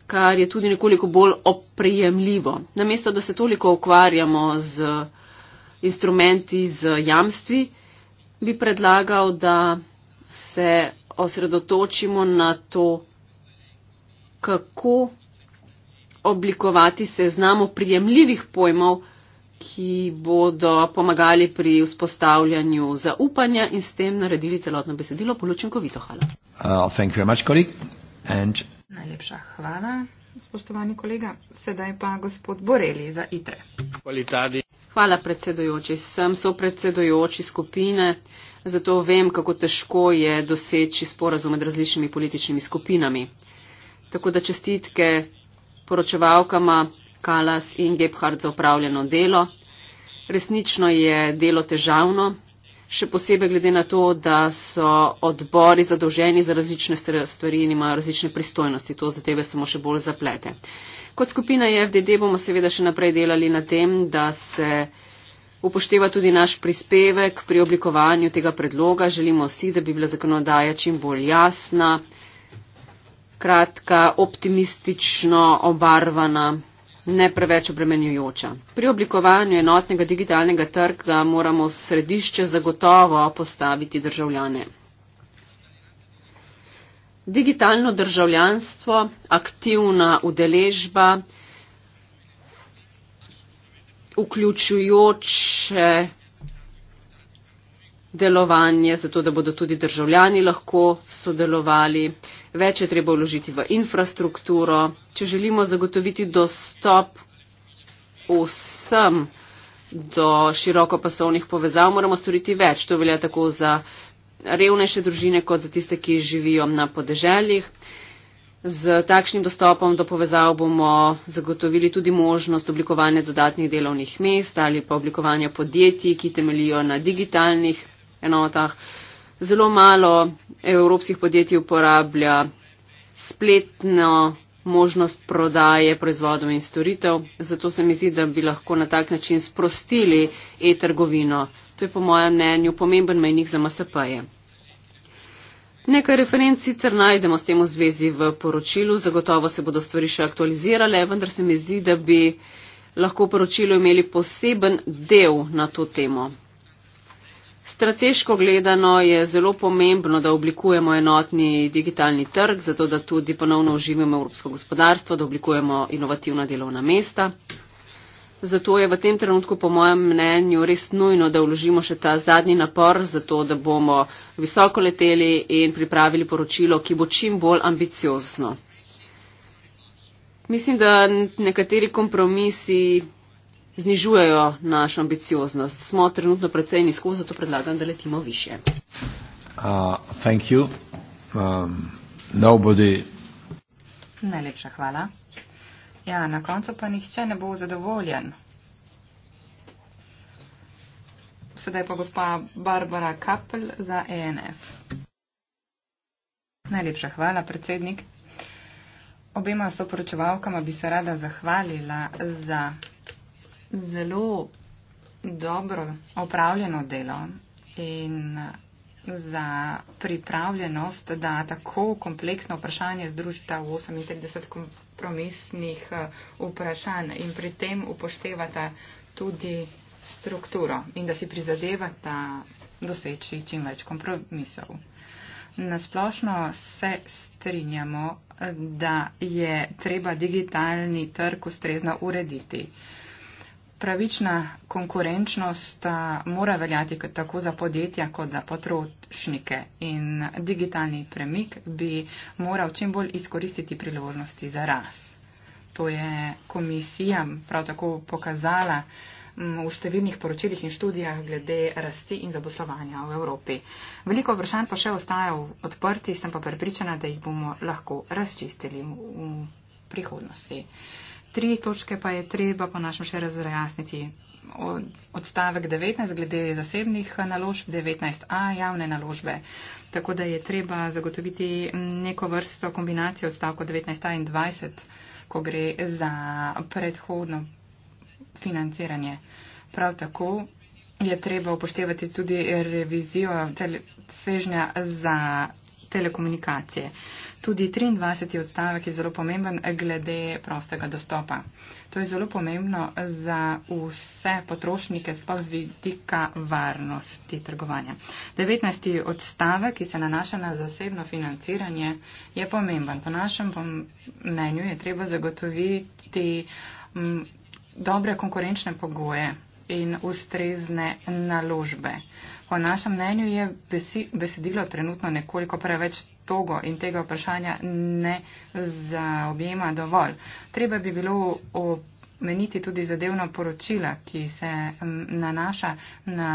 kar je tudi nekoliko bolj oprijemljivo. Namesto, da se toliko ukvarjamo z instrumenti, z jamstvi, bi predlagal, da se osredotočimo na to, kako oblikovati seznam oprijemljivih pojmov, ki bodo pomagali pri vzpostavljanju zaupanja in s tem naredili celotno besedilo polučinkovito. Hvala. Uh, thank you very much, colleague. And Najlepša hvala, spoštovani kolega. Sedaj pa gospod Boreli za ITRE. Kvalitadi. Hvala, predsedujoči. Sem so predsedujoči skupine, zato vem, kako težko je doseči sporazum med različnimi političnimi skupinami. Tako da čestitke poročevalkama Kalas in Gebhardt za upravljeno delo. Resnično je delo težavno, še posebej glede na to, da so odbori zadolženi za različne stvari in imajo različne pristojnosti. To za tebe samo še bolj zaplete. Kot skupina FDD bomo seveda še naprej delali na tem, da se upošteva tudi naš prispevek pri oblikovanju tega predloga. Želimo si, da bi bila zakonodaja čim bolj jasna, kratka, optimistično obarvana ne preveč obremenjujoča. Pri oblikovanju enotnega digitalnega trga moramo v središče zagotovo postaviti državljane. Digitalno državljanstvo, aktivna udeležba, vključujoče delovanje, zato da bodo tudi državljani lahko sodelovali. Več je treba vložiti v infrastrukturo. Če želimo zagotoviti dostop vsem do širokopasovnih povezav, moramo storiti več. To velja tako za revnejše družine, kot za tiste, ki živijo na podeželjih. Z takšnim dostopom do povezav bomo zagotovili tudi možnost oblikovanja dodatnih delovnih mest ali pa oblikovanja podjetij, ki temelijo na digitalnih enotah. Zelo malo evropskih podjetij uporablja spletno možnost prodaje proizvodov in storitev, zato se mi zdi, da bi lahko na tak način sprostili e-trgovino. To je po mojem mnenju pomemben mejnik za MSP-je. Nekaj referenc sicer najdemo s tem v zvezi v poročilu, zagotovo se bodo stvari še aktualizirale, vendar se mi zdi, da bi lahko v poročilu imeli poseben del na to temo. Strateško gledano je zelo pomembno, da oblikujemo enotni digitalni trg, zato da tudi ponovno oživimo evropsko gospodarstvo, da oblikujemo inovativna delovna mesta. Zato je v tem trenutku, po mojem mnenju, res nujno, da vložimo še ta zadnji napor, zato da bomo visoko leteli in pripravili poročilo, ki bo čim bolj ambiciozno. Mislim, da nekateri kompromisi znižujejo našo ambicioznost. Smo trenutno precej nizko, zato predlagam, da letimo više. Uh, um, Najlepša hvala. Ja, na koncu pa nihče ne bo zadovoljen. Sedaj pa gospa Barbara Kappel za ENF. Najlepša hvala, predsednik. Obema soporočevalkama bi se rada zahvalila za zelo dobro opravljeno delo in za pripravljenost, da tako kompleksno vprašanje združita v 38 kompromisnih eh, vprašanj in pri tem upoštevata tudi strukturo in da si prizadevata doseči čim več kompromisov. Nasplošno se strinjamo, da je treba digitalni trg ustrezno urediti. Uh, pravična konkurenčnost mora veljati tako za podjetja kot za potrošnike in digitalni premik bi moral čim bolj izkoristiti priložnosti za raz. To je komisija prav tako pokazala v številnih poročilih in študijah glede rasti in zaposlovanja v Evropi. Veliko vprašanj pa še ostaja odprti, sem pa prepričana, da jih bomo lahko razčistili v prihodnosti tri točke pa je treba po našem še razjasniti. Odstavek 19 glede zasebnih naložb, 19a javne naložbe. Tako da je treba zagotoviti neko vrsto kombinacije odstavko 19a in 20, ko gre za predhodno financiranje. Prav tako je treba upoštevati tudi revizijo tele, svežnja za telekomunikacije tudi 23. odstavek je zelo pomemben glede prostega dostopa. To je zelo pomembno za vse potrošnike, sploh z vidika varnosti trgovanja. 19. odstavek, ki se nanaša na zasebno financiranje, je pomemben. Po našem mnenju je treba zagotoviti m, dobre konkurenčne pogoje in ustrezne naložbe. Uh, Po našem mnenju je besedilo trenutno nekoliko preveč togo in tega vprašanja ne zaobjema dovolj. Treba bi bilo omeniti tudi zadevno poročila, ki se nanaša na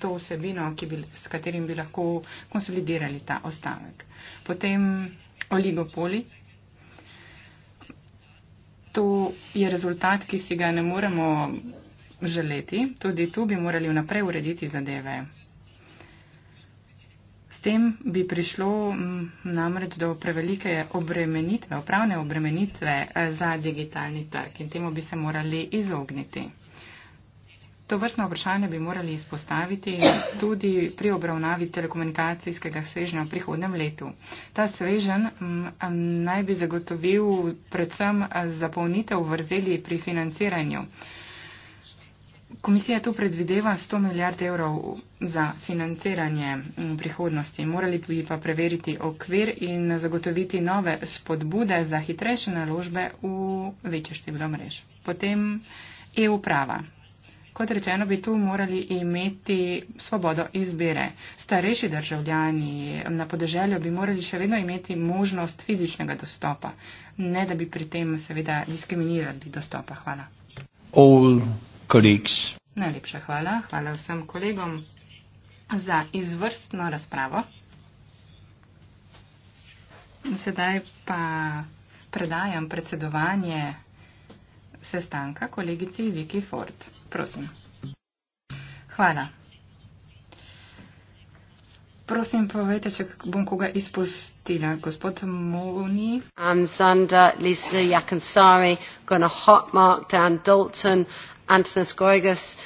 to vsebino, bi, s katerim bi lahko konsolidirali ta ostavek. Potem oligopoli. To je rezultat, ki si ga ne moremo. Želeti. Tudi tu bi morali vnaprej urediti zadeve tem bi prišlo namreč do prevelike obremenitve, upravne obremenitve eh, za digitalni trg in temu bi se morali izogniti. To vrstno vprašanje bi morali izpostaviti tudi pri obravnavi telekomunikacijskega svežnja v prihodnem letu. Ta svežen naj bi zagotovil predvsem eh, zapolnitev vrzeli pri financiranju. Komisija to predvideva 100 milijard evrov za financiranje v mm, prihodnosti. Morali bi pa preveriti okvir in zagotoviti nove spodbude za hitrejše naložbe v večje število mrež. Potem EU prava. Kot rečeno, bi tu morali imeti svobodo izbire. Starejši državljani mm, na podeželju bi morali še vedno imeti možnost fizičnega dostopa, ne da bi pri tem seveda diskriminirali dostopa. Hvala. All colleagues. Najlepša hvala. Hvala vsem kolegom za izvrstno razpravo. Sedaj pa predajam predsedovanje sestanka kolegici Viki Ford. Prosim. Hvala. Prosim, povejte, če bom koga izpustila. Gospod Moni. Anzanda, Lisa, Jakansari, Gona Hotmark, Dan Dalton, antonis goigas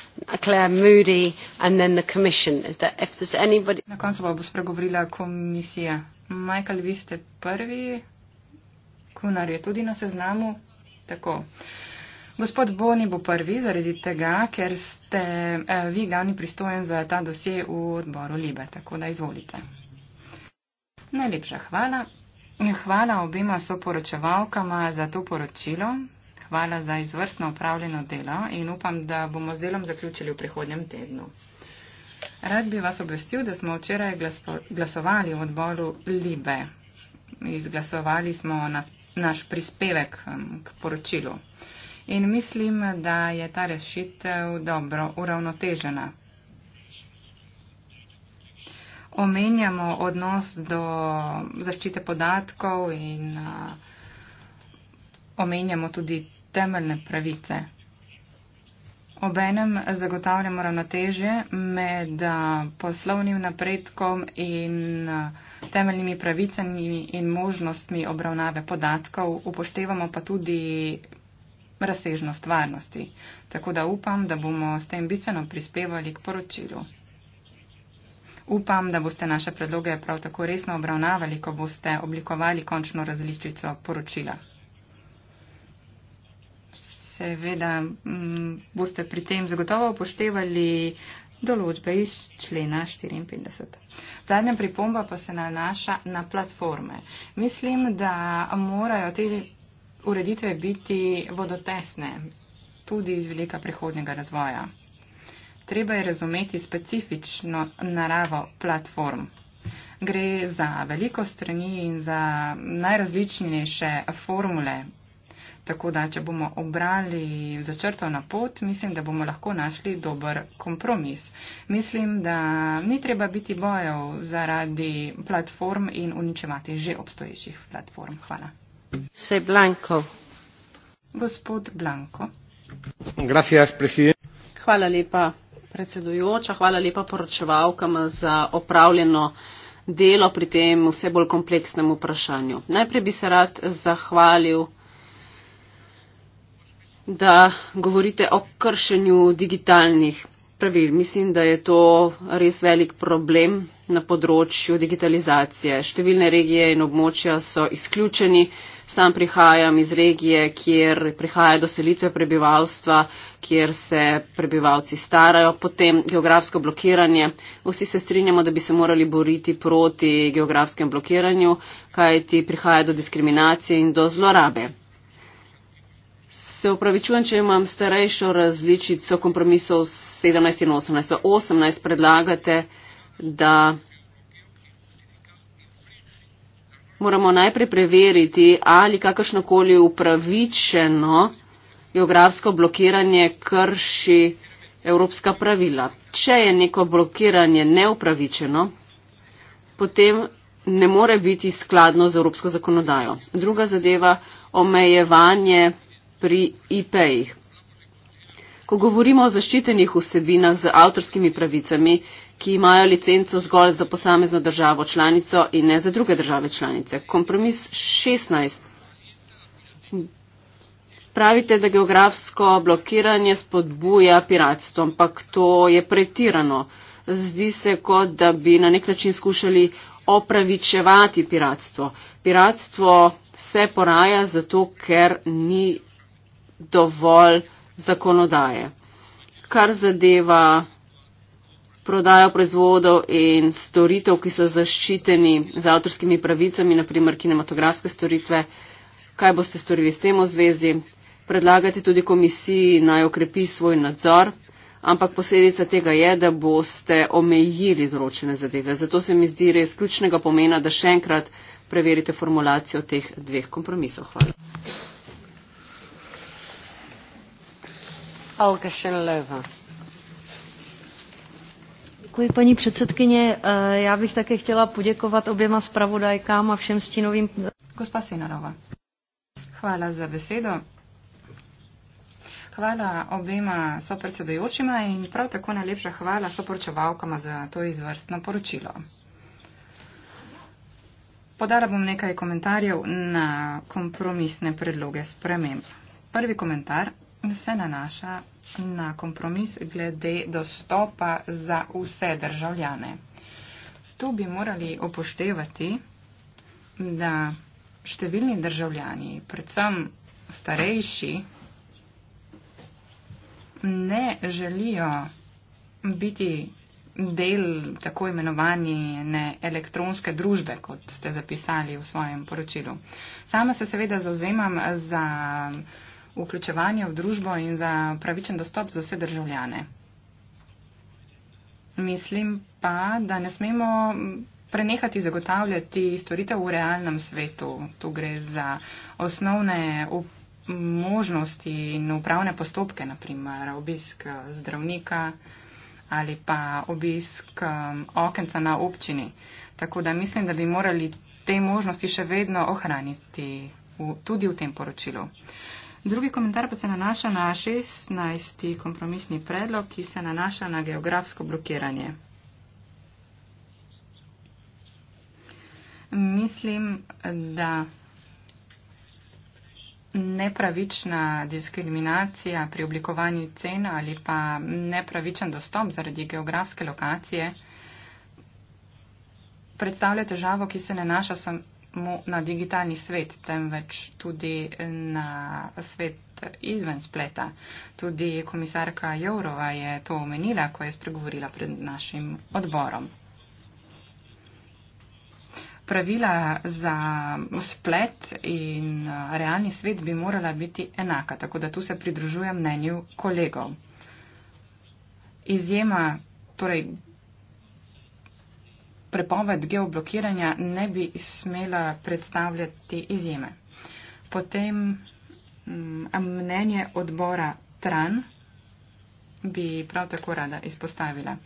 claire moody and then the commission that if there's anybody na koncu bo spregovorila komisija michael vi ste prvi kunar je tudi na seznamu tako Gospod Boni bo prvi zaradi tega, ker ste eh, vi glavni pristojen za ta dosje v odboru Libe, tako da izvolite. Najlepša hvala. Hvala obima soporočevalkama za to poročilo, hvala za izvrstno upravljeno delo in upam, da bomo z delom zaključili v prihodnjem tednu. Rad bi vas obvestil, da smo včeraj glasovali v odboru Libe. Izglasovali smo nas, naš prispevek um, k poročilu. In mislim, da je ta rešitev dobro uravnotežena. Omenjamo odnos do zaščite podatkov in a, uh, omenjamo tudi temeljne pravice. Obenem zagotavljamo ravnoteže med eh, poslovnim napredkom in eh, temeljnimi pravicami in možnostmi obravnave podatkov, upoštevamo pa tudi razsežnost varnosti. Tako da upam, da bomo s tem bistveno prispevali k poročilu. Upam, da boste naše predloge prav tako resno obravnavali, ko boste oblikovali končno različico poročila. Seveda mm, boste pri tem zagotovo upoštevali določbe iz člena 54. Zadnja pripomba pa se nanaša na platforme. Mislim, da morajo te ureditve biti vodotesne tudi iz velika prihodnjega razvoja. Treba je razumeti specifično naravo platform. Gre za veliko strani in za najrazličnejše formule Tako da, če bomo obrali začrto na pot, mislim, da bomo lahko našli dober kompromis. Mislim, da ni treba biti bojev zaradi platform in uničevati že obstoječih platform. Hvala. Sej Blanko. Gospod Blanko. Gracias, hvala lepa, predsedujoča. Hvala lepa poročevalkam za opravljeno delo pri tem vse bolj kompleksnem vprašanju. Najprej bi se rad zahvalil da govorite o kršenju digitalnih pravil. Mislim, da je to res velik problem na področju digitalizacije. Številne regije in območja so izključeni. Sam prihajam iz regije, kjer prihaja do selitve prebivalstva, kjer se prebivalci starajo, potem geografsko blokiranje. Vsi se strinjamo, da bi se morali boriti proti geografskem blokiranju, kajti prihaja do diskriminacije in do zlorabe. Se upravičujem, če imam starejšo različico kompromisov 17 in 18. 18 predlagate, da moramo najprej preveriti, ali kakršnokoli upravičeno geografsko blokiranje krši evropska pravila. Če je neko blokiranje neupravičeno, potem ne more biti skladno z evropsko zakonodajo. Druga zadeva, omejevanje pri IP-jih. Ko govorimo o zaščitenih vsebinah z avtorskimi pravicami, ki imajo licenco zgolj za posamezno državo članico in ne za druge države članice. Kompromis 16. Pravite, da geografsko blokiranje spodbuja piratstvo, ampak to je pretirano. Zdi se, kot da bi na nek način skušali opravičevati piratstvo. Piratstvo se poraja zato, ker ni dovolj zakonodaje. Kar zadeva prodajo proizvodov in storitev, ki so zaščiteni z avtorskimi pravicami, naprimer kinematografske storitve, kaj boste storili s tem v zvezi? Predlagate tudi komisiji naj okrepi svoj nadzor, ampak posledica tega je, da boste omejili določene zadeve. Zato se mi zdi res ključnega pomena, da še enkrat preverite formulacijo teh dveh kompromisov. Hvala. Děkuji, paní předsedkyně. Eh, já bych také chtěla poděkovat oběma zpravodajkám a všem stínovým. Gospa Sinarova. Hvala za besedo. Hvala obema sopredsedujočima in prav tako najlepša hvala soporočevalkama za to izvrstno poročilo. Podala bom nekaj komentarjev na kompromisne predloge sprememb. Prvi komentar se nanaša na kompromis glede dostopa za vse državljane. Tu bi morali upoštevati, da številni državljani, predvsem starejši, ne želijo biti del tako imenovane elektronske družbe, kot ste zapisali v svojem poročilu. Sama se seveda zauzemam za vključevanje v družbo in za pravičen dostop za vse državljane. Mislim pa, da ne smemo prenehati zagotavljati storitev v realnem svetu. Tu gre za osnovne možnosti in upravne postopke, naprimer obisk eh, zdravnika ali pa obisk eh, okenca na občini. Tako da mislim, da bi morali te možnosti še vedno ohraniti v, tudi v tem poročilu. Drugi komentar pa se nanaša na 16. kompromisni predlog, ki se nanaša na geografsko blokiranje. Mislim, da nepravična diskriminacija pri oblikovanju cen ali pa nepravičen dostop zaradi geografske lokacije predstavlja težavo, ki se nanaša samo na digitalni svet, temveč tudi na svet izven spleta. Tudi komisarka Jourova je to omenila, ko je spregovorila pred našim odborom. Pravila za splet in realni svet bi morala biti enaka, tako da tu se pridružujem mnenju kolegov. Izjema, torej prepoved geoblokiranja ne bi smela predstavljati izjeme. Potem mm, mnenje odbora TRAN bi prav tako rada izpostavila.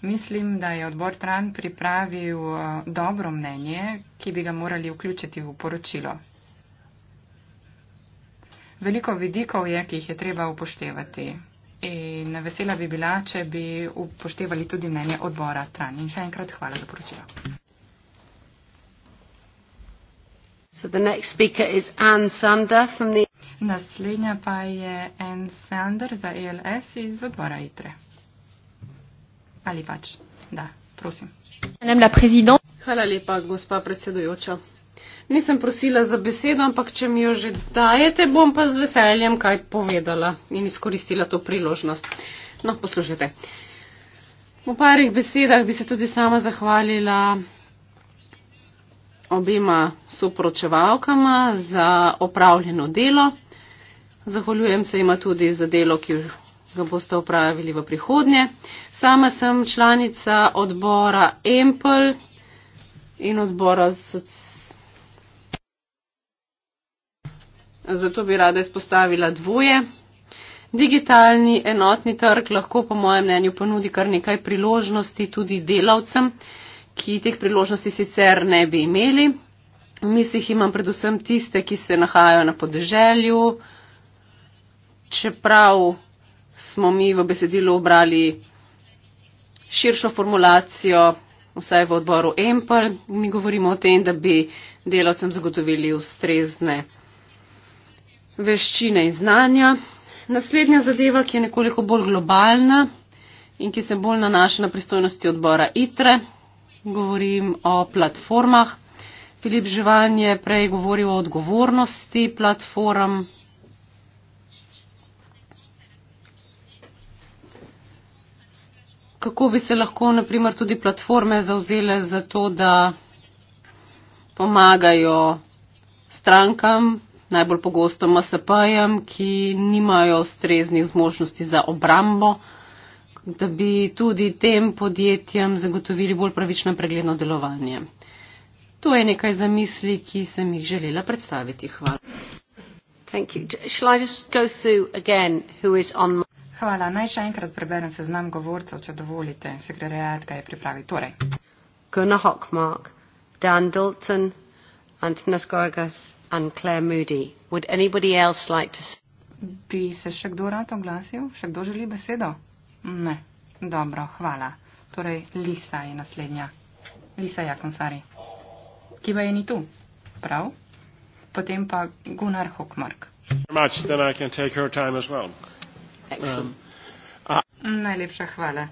Mislim, da je odbor TRAN pripravil eh, dobro mnenje, ki bi ga morali vključiti v poročilo. Veliko vidikov je, ki jih je treba upoštevati in vesela bi bila, če bi upoštevali tudi mnenje odbora Tran. In še enkrat hvala za poročilo. Naslednja pa je Ann Sander za ELS iz odbora ITRE. Ali pač, da, prosim. Hvala lepa, gospa predsedujoča nisem prosila za besedo, ampak če mi jo že dajete, bom pa z veseljem kaj povedala in izkoristila to priložnost. No, poslušajte. V parih besedah bi se tudi sama zahvalila obima soporočevalkama za opravljeno delo. Zahvaljujem se ima tudi za delo, ki ga boste opravili v prihodnje. Sama sem članica odbora EMPL in odbora socialnega. zato bi rada izpostavila dvoje. Digitalni enotni trg lahko, po mojem mnenju, ponudi kar nekaj priložnosti tudi delavcem, ki teh priložnosti sicer ne bi imeli. V mislih imam predvsem tiste, ki se nahajajo na podeželju, čeprav smo mi v besedilu obrali širšo formulacijo, vsaj v odboru EMPR, mi govorimo o tem, da bi delavcem zagotovili ustrezne veščine in znanja. Naslednja zadeva, ki je nekoliko bolj globalna in ki se bolj nanaša na pristojnosti odbora ITRE, govorim o platformah. Filip Živan je prej govoril o odgovornosti platform. Kako bi se lahko naprimer tudi platforme zauzele za to, da pomagajo strankam najbolj pogosto MSP-jem, ki nimajo ustreznih zmožnosti za obrambo, da bi tudi tem podjetjem zagotovili bolj pravično pregledno delovanje. To je nekaj za misli, ki sem jih želela predstaviti. Hvala. Hvala. Naj še enkrat preberem seznam govorcev, če dovolite. Sekretariat ga je pripravil. Torej. Gunnar Hockmark, Dan Dalton, Antonas Gorgas, and Claire Moody. Would anybody else like to speak? Bi se še kdo rad oglasil? Še kdo želi besedo? Ne. Dobro, hvala. Torej, Lisa je naslednja. Lisa Jakonsari. Ki pa je ni tu. Prav? Potem pa Gunnar Hokmark. Well. Um, mm, Najlepša hvala.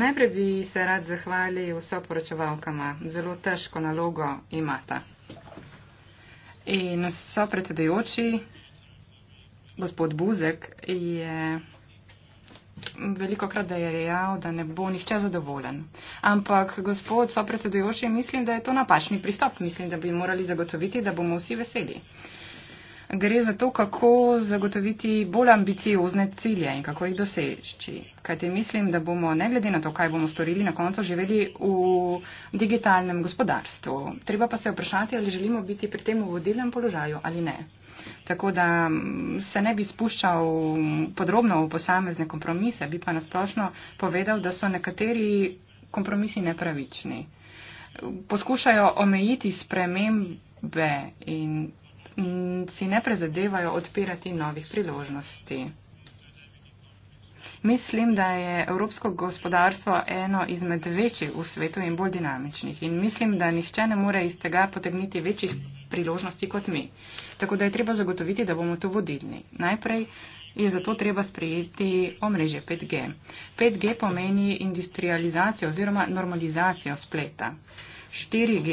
Najprej bi se rad zahvalil vso poročevalkama. Zelo težko nalogo imata. In so predsedajoči, gospod Buzek je veliko krat da je rejal, da ne bo nihče zadovoljen. Ampak, gospod so predsedajoči, mislim, da je to napačni pristop. Mislim, da bi morali zagotoviti, da bomo vsi veseli. Uh, gre za to, kako zagotoviti bolj ambiciozne cilje in kako jih doseči. Kajti mislim, da bomo, ne glede na to, kaj bomo storili, na koncu živeli v digitalnem gospodarstvu. Treba pa se vprašati, ali želimo biti pri tem v vodilnem položaju ali ne. Tako da se ne bi spuščal podrobno v posamezne kompromise, bi pa nasplošno povedal, da so nekateri kompromisi nepravični. Poskušajo omejiti spremembe in Mm, si ne prezadevajo odpirati novih priložnosti. Mislim, da je evropsko gospodarstvo eno izmed večjih v svetu in bolj dinamičnih in mislim, da nihče ne more iz tega potegniti večjih priložnosti kot mi. Tako da je treba zagotoviti, da bomo to vodilni. Najprej je zato treba sprejeti omrežje 5G. 5G pomeni industrializacijo oziroma normalizacijo spleta. 4G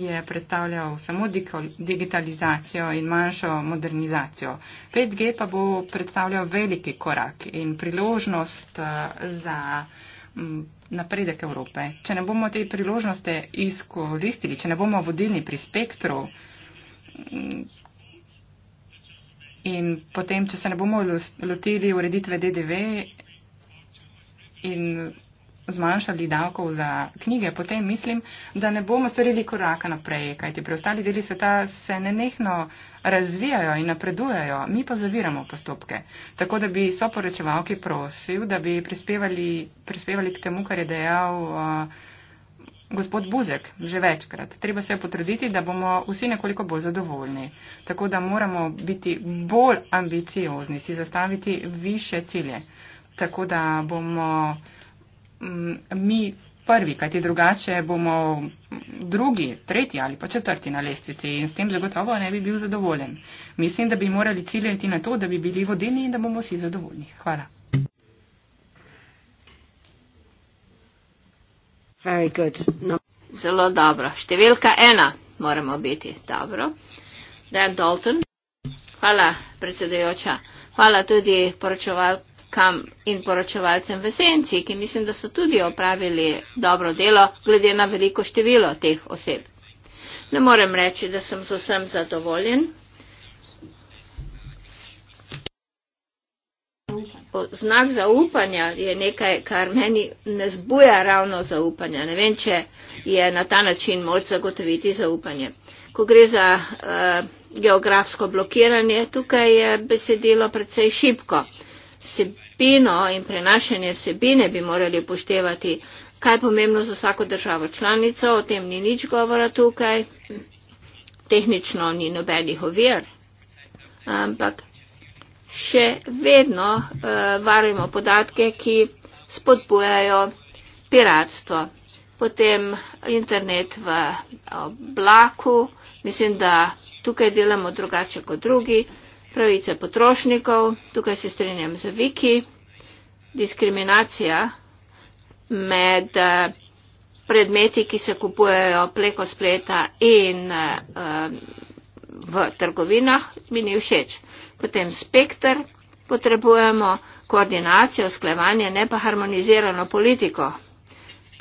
je predstavljal samo digitalizacijo in manjšo modernizacijo. 5G pa bo predstavljal veliki korak in priložnost eh, za napredek Evrope. Če ne bomo te priložnosti izkoristili, če ne bomo vodilni pri spektru mm, in potem, če se ne bomo lotili ureditve DDV in zmanjšali davkov za knjige, potem mislim, da ne bomo storili koraka naprej, kajti preostali deli sveta se nenehno razvijajo in napredujejo, mi pa zaviramo postopke. Tako da bi soporečevalki prosil, da bi prispevali, prispevali k temu, kar je dejal uh, gospod Buzek že večkrat. Treba se potruditi, da bomo vsi nekoliko bolj zadovoljni. Tako da moramo biti bolj ambiciozni, si zastaviti više cilje. Tako da bomo mi prvi, kajti drugače bomo drugi, tretji ali pa četrti na lestvici in s tem zagotovo ne bi bil zadovoljen. Mislim, da bi morali ciljati na to, da bi bili vodilni in da bomo vsi zadovoljni. Hvala. No. Zelo dobro. Številka ena moramo biti. Dobro. Dan Dalton. Hvala, predsedujoča. Hvala tudi poročevalk kam in poročevalcem v senci, ki mislim, da so tudi opravili dobro delo, glede na veliko število teh oseb. Ne morem reči, da sem z vsem zadovoljen. Znak zaupanja je nekaj, kar meni ne zbuja ravno zaupanja. Ne vem, če je na ta način moč zagotoviti zaupanje. Ko gre za uh, geografsko blokiranje, tukaj je besedilo predvsej šipko. Uh, vsebino in prenašanje vsebine bi morali upoštevati, kaj je pomembno za vsako državo članico, o tem ni nič govora tukaj, tehnično ni nobenih ovir, ampak še vedno uh, varujemo podatke, ki spodbujajo piratstvo. Potem internet v oblaku, mislim, da tukaj delamo drugače kot drugi pravice potrošnikov, tukaj se strinjam z Viki, diskriminacija med eh, predmeti, ki se kupujejo preko spleta in eh, v trgovinah, mi ni všeč. Potem spektr potrebujemo, koordinacijo, sklevanje, ne pa harmonizirano politiko.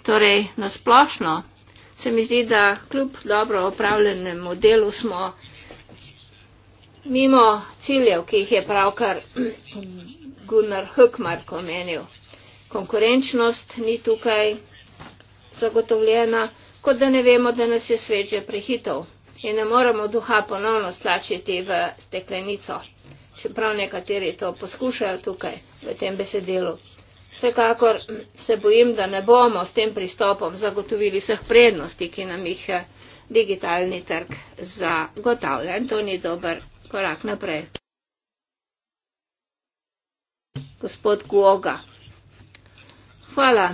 Torej, nasplošno se mi zdi, da kljub dobro opravljenemu delu smo mimo ciljev, ki jih je pravkar Gunnar Hökmark omenil. Konkurenčnost ni tukaj zagotovljena, kot da ne vemo, da nas je svet že prehitev in ne moremo duha ponovno stlačiti v steklenico, čeprav nekateri to poskušajo tukaj v tem besedilu. Vsekakor se bojim, da ne bomo s tem pristopom zagotovili vseh prednosti, ki nam jih eh, digitalni trg zagotavlja in to ni dober korak naprej. Gospod Guoga. Hvala.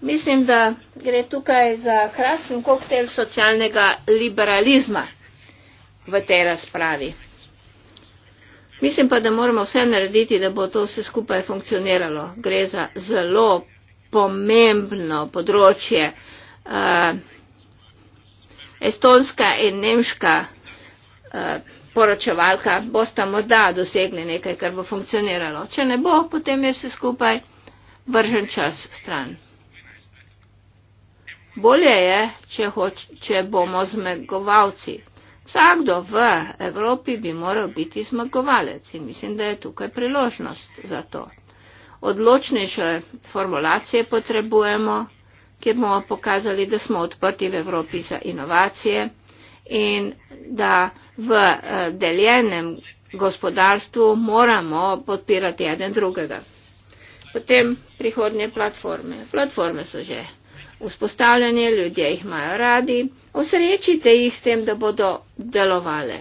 Mislim, da gre tukaj za krasen koktejl socialnega liberalizma v tej razpravi. Mislim pa, da moramo vse narediti, da bo to vse skupaj funkcioniralo. Gre za zelo pomembno področje. Uh, Estonska in nemška Eh, poročevalka, boste morda dosegli nekaj, kar bo funkcioniralo. Če ne bo, potem je vse skupaj vržen čas stran. Bolje je, če, hoč, če bomo zmagovalci. Vsakdo v Evropi bi moral biti zmagovalec in mislim, da je tukaj priložnost za to. Odločnejše formulacije potrebujemo, kjer bomo pokazali, da smo odprti v Evropi za inovacije in da v eh, deljenem gospodarstvu moramo podpirati eden drugega. Potem prihodnje platforme. Platforme so že vzpostavljene, ljudje jih imajo radi, osrečite jih s tem, da bodo delovale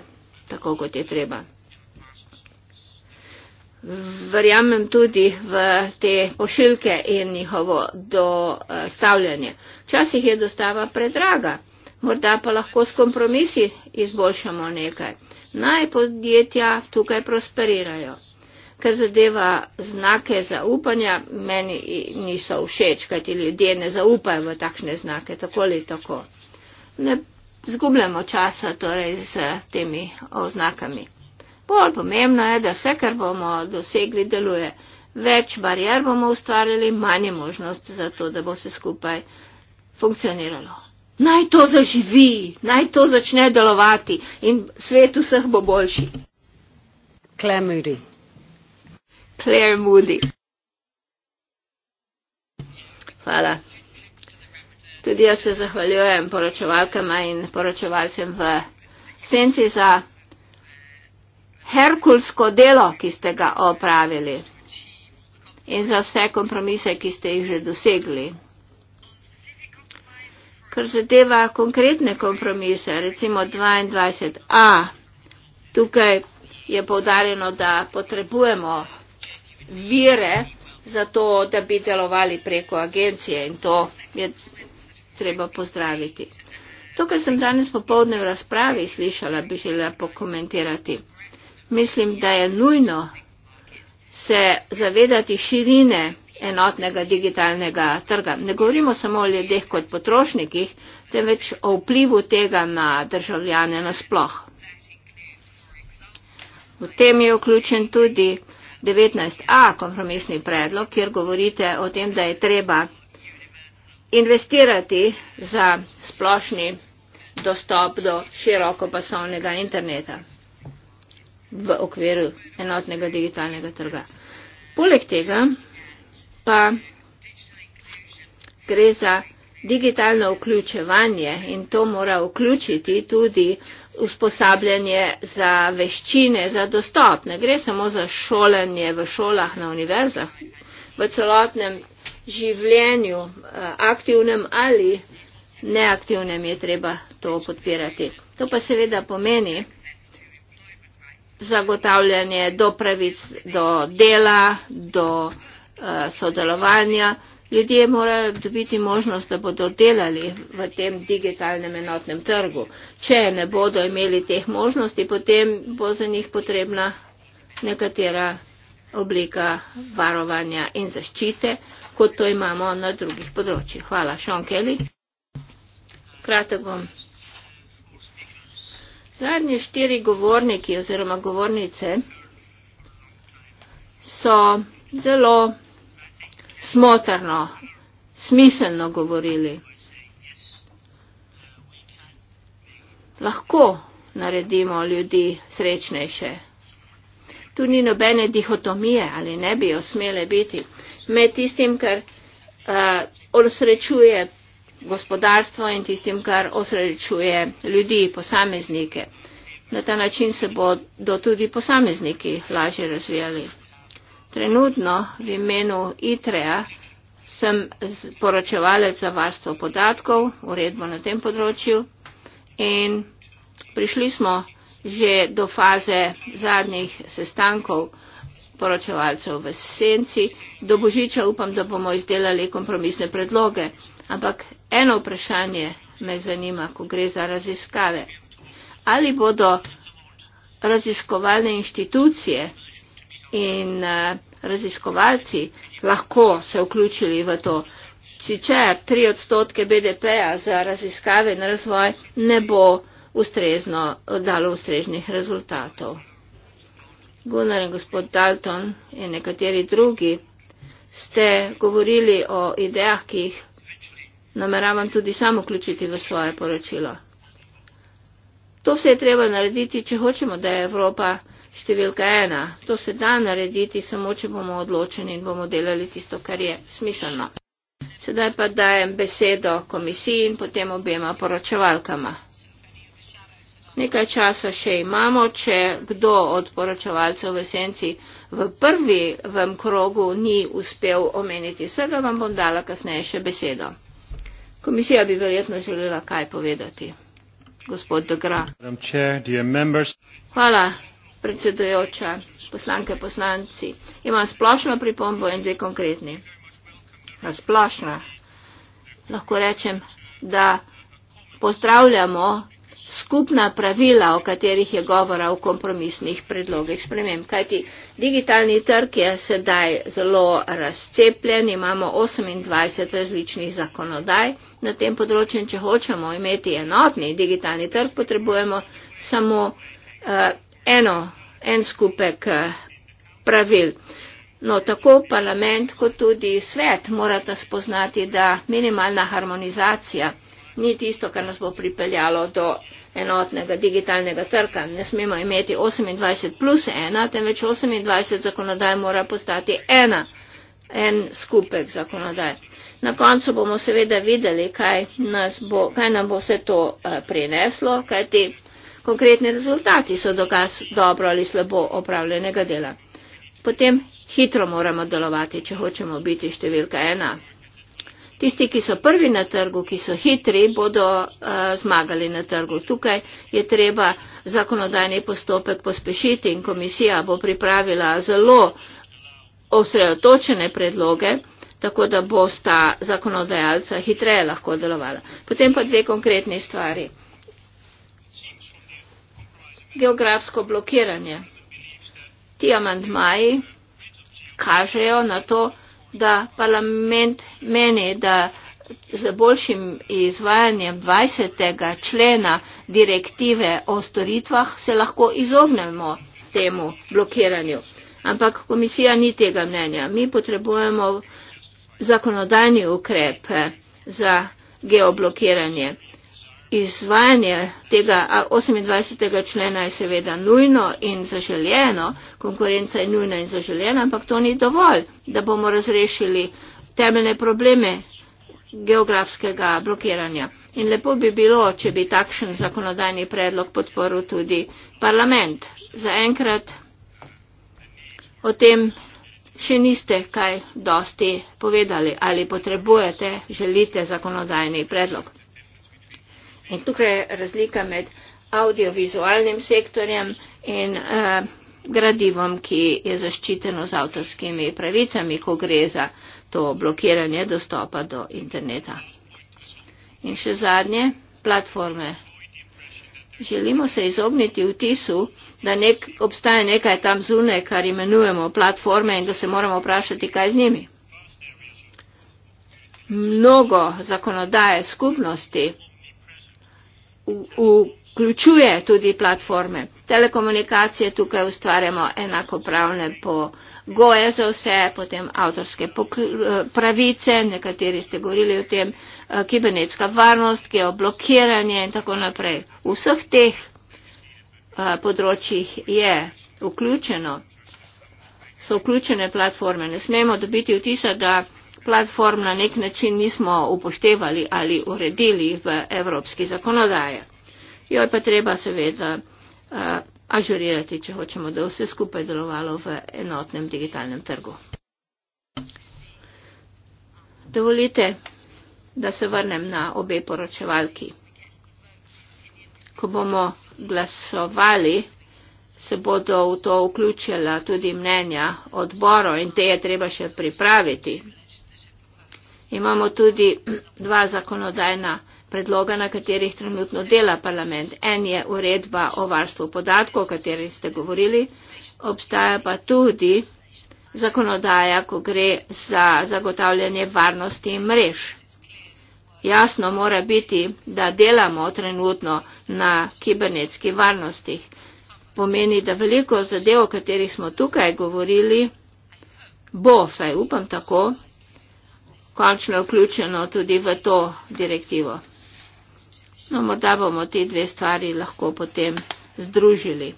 tako, kot je treba. Verjamem tudi v te pošiljke in njihovo dostavljanje. Včasih je dostava predraga morda pa lahko s kompromisi izboljšamo nekaj. Naj podjetja tukaj prosperirajo. Ker zadeva znake zaupanja, meni niso všeč, kajti ljudje ne zaupajo v takšne znake, tako ali tako. Ne zgubljamo časa torej z temi oznakami. Bolj pomembno je, da vse, kar bomo dosegli, deluje. Več barjer bomo ustvarili, manj možnost za to, da bo se skupaj funkcioniralo. Naj to zaživi, naj to začne delovati in svet vseh bo boljši. Claire Moody. Claire Moody. Hvala. Tudi jaz se zahvaljujem poročevalkama in poročevalcem v senci za herkulsko delo, ki ste ga opravili in za vse kompromise, ki ste jih že dosegli kar zadeva konkretne kompromise, recimo 22a, tukaj je povdarjeno, da potrebujemo vire za to, da bi delovali preko agencije in to je treba pozdraviti. To, kar sem danes popovdne v razpravi slišala, bi želela pokomentirati. Mislim, da je nujno se zavedati širine enotnega digitalnega trga. Ne govorimo samo o ljudeh kot potrošnikih, temveč o vplivu tega na državljane nasploh. V tem je vključen tudi 19a kompromisni predlog, kjer govorite o tem, da je treba investirati za splošni dostop do širokopasovnega interneta v okviru enotnega digitalnega trga. Poleg tega pa gre za digitalno vključevanje in to mora vključiti tudi usposabljanje za veščine, za dostop. Ne gre samo za šolanje v šolah na univerzah, v celotnem življenju, eh, aktivnem ali neaktivnem je treba to podpirati. To pa seveda pomeni zagotavljanje do pravic, do dela, do. Eh, sodelovanja. Ljudje morajo dobiti možnost, da bodo delali v tem digitalnem enotnem trgu. Če ne bodo imeli teh možnosti, potem bo za njih potrebna nekatera oblika varovanja in zaščite, kot to imamo na drugih področjih. Hvala, Sean Kelly. Kratek bom. Zadnji štiri govorniki oziroma govornice so zelo smotrno, smiselno govorili. Lahko naredimo ljudi srečnejše. Tu ni nobene dihotomije ali ne bi jo smele biti med tistim, kar uh, osrečuje gospodarstvo in tistim, kar osrečuje ljudi, posameznike. Na ta način se bodo tudi posamezniki lažje razvijali. Trenutno v imenu ITREA sem poročevalec za varstvo podatkov, uredbo na tem področju in prišli smo že do faze zadnjih sestankov poročevalcev v senci. Do božiča upam, da bomo izdelali kompromisne predloge, ampak eno vprašanje me zanima, ko gre za raziskave. Ali bodo raziskovalne inštitucije in eh, raziskovalci lahko se vključili v to. Sicer tri odstotke BDP-ja za raziskave in razvoj ne bo ustrezno dalo ustreznih rezultatov. Gunnar in gospod Dalton in nekateri drugi ste govorili o idejah, ki jih nameravam tudi sam vključiti v svoje poročilo. To se je treba narediti, če hočemo, da je Evropa številka ena. To se da narediti samo, če bomo odločeni in bomo delali tisto, kar je smiselno. Sedaj pa dajem besedo komisiji in potem obema poročevalkama. Nekaj časa še imamo, če kdo od poročevalcev v senci v prvi vem krogu ni uspel omeniti vsega, vam bom dala kasneje še besedo. Komisija bi verjetno želela kaj povedati. Gospod Degra. Hvala predsedujoča, poslanke poslanci. Imam splošno pripombo in dve konkretni. Na splošno lahko rečem, da pozdravljamo skupna pravila, o katerih je govora v kompromisnih predlogih sprememb. Kajti digitalni trg je sedaj zelo razcepljen, imamo 28 različnih zakonodaj na tem področju in če hočemo imeti enotni digitalni trg, potrebujemo samo uh, eno, en skupek eh, pravil. No, tako parlament kot tudi svet morata spoznati, da minimalna harmonizacija ni tisto, kar nas bo pripeljalo do enotnega digitalnega trga. Ne smemo imeti 28 plus 1, temveč 28 zakonodaj mora postati ena, en skupek zakonodaj. Na koncu bomo seveda videli, kaj, bo, kaj nam bo vse to eh, prineslo, kajti Konkretni rezultati so dokaz dobro ali slabo opravljenega dela. Potem hitro moramo delovati, če hočemo biti številka ena. Tisti, ki so prvi na trgu, ki so hitri, bodo uh, zmagali na trgu. Tukaj je treba zakonodajni postopek pospešiti in komisija bo pripravila zelo osredotočene predloge, tako da bo sta zakonodajalca hitreje lahko delovala. Potem pa dve konkretni stvari geografsko blokiranje. Ti amantmaji kažejo na to, da parlament meni, da z boljšim izvajanjem 20. člena direktive o storitvah se lahko izognemo temu blokiranju. Ampak komisija ni tega mnenja. Mi potrebujemo zakonodajni ukrep za geoblokiranje izvajanje tega 28. člena je seveda nujno in zaželjeno, konkurenca je nujna in zaželjena, ampak to ni dovolj, da bomo razrešili temeljne probleme geografskega blokiranja. In lepo bi bilo, če bi takšen zakonodajni predlog podporil tudi parlament. Za enkrat o tem še niste kaj dosti povedali, ali potrebujete, želite zakonodajni predlog. In tukaj je razlika med audiovizualnim sektorjem in uh, gradivom, ki je zaščiteno z avtorskimi pravicami, ko gre za to blokiranje dostopa do interneta. In še zadnje, platforme. Želimo se izogniti vtisu, da nek, obstaja nekaj tam zune, kar imenujemo platforme in da se moramo vprašati, kaj z njimi. Mnogo zakonodaje skupnosti vključuje tudi platforme. Telekomunikacije tukaj ustvarjamo enakopravne pogoje za vse, potem avtorske eh, pravice, nekateri ste govorili o tem, eh, kibernetska varnost, geoblokiranje in tako naprej. V vseh teh eh, področjih je vključeno, so vključene platforme. Ne smemo dobiti vtisa, da platform na nek način nismo upoštevali ali uredili v evropski zakonodaje. Jo je pa treba seveda eh, ažurirati, če hočemo, da vse skupaj delovalo v enotnem digitalnem trgu. Dovolite, da se vrnem na obe poročevalki. Ko bomo glasovali, se bodo v to vključila tudi mnenja odborov in te je treba še pripraviti. Imamo tudi dva zakonodajna predloga, na katerih trenutno dela parlament. En je uredba o varstvu podatkov, o kateri ste govorili. Obstaja pa tudi zakonodaja, ko gre za zagotavljanje varnosti mrež. Jasno mora biti, da delamo trenutno na kibernetskih varnostih. Pomeni, da veliko zadev, o katerih smo tukaj govorili, bo, vsaj upam tako, končno vključeno tudi v to direktivo. No, morda bomo te dve stvari lahko potem združili,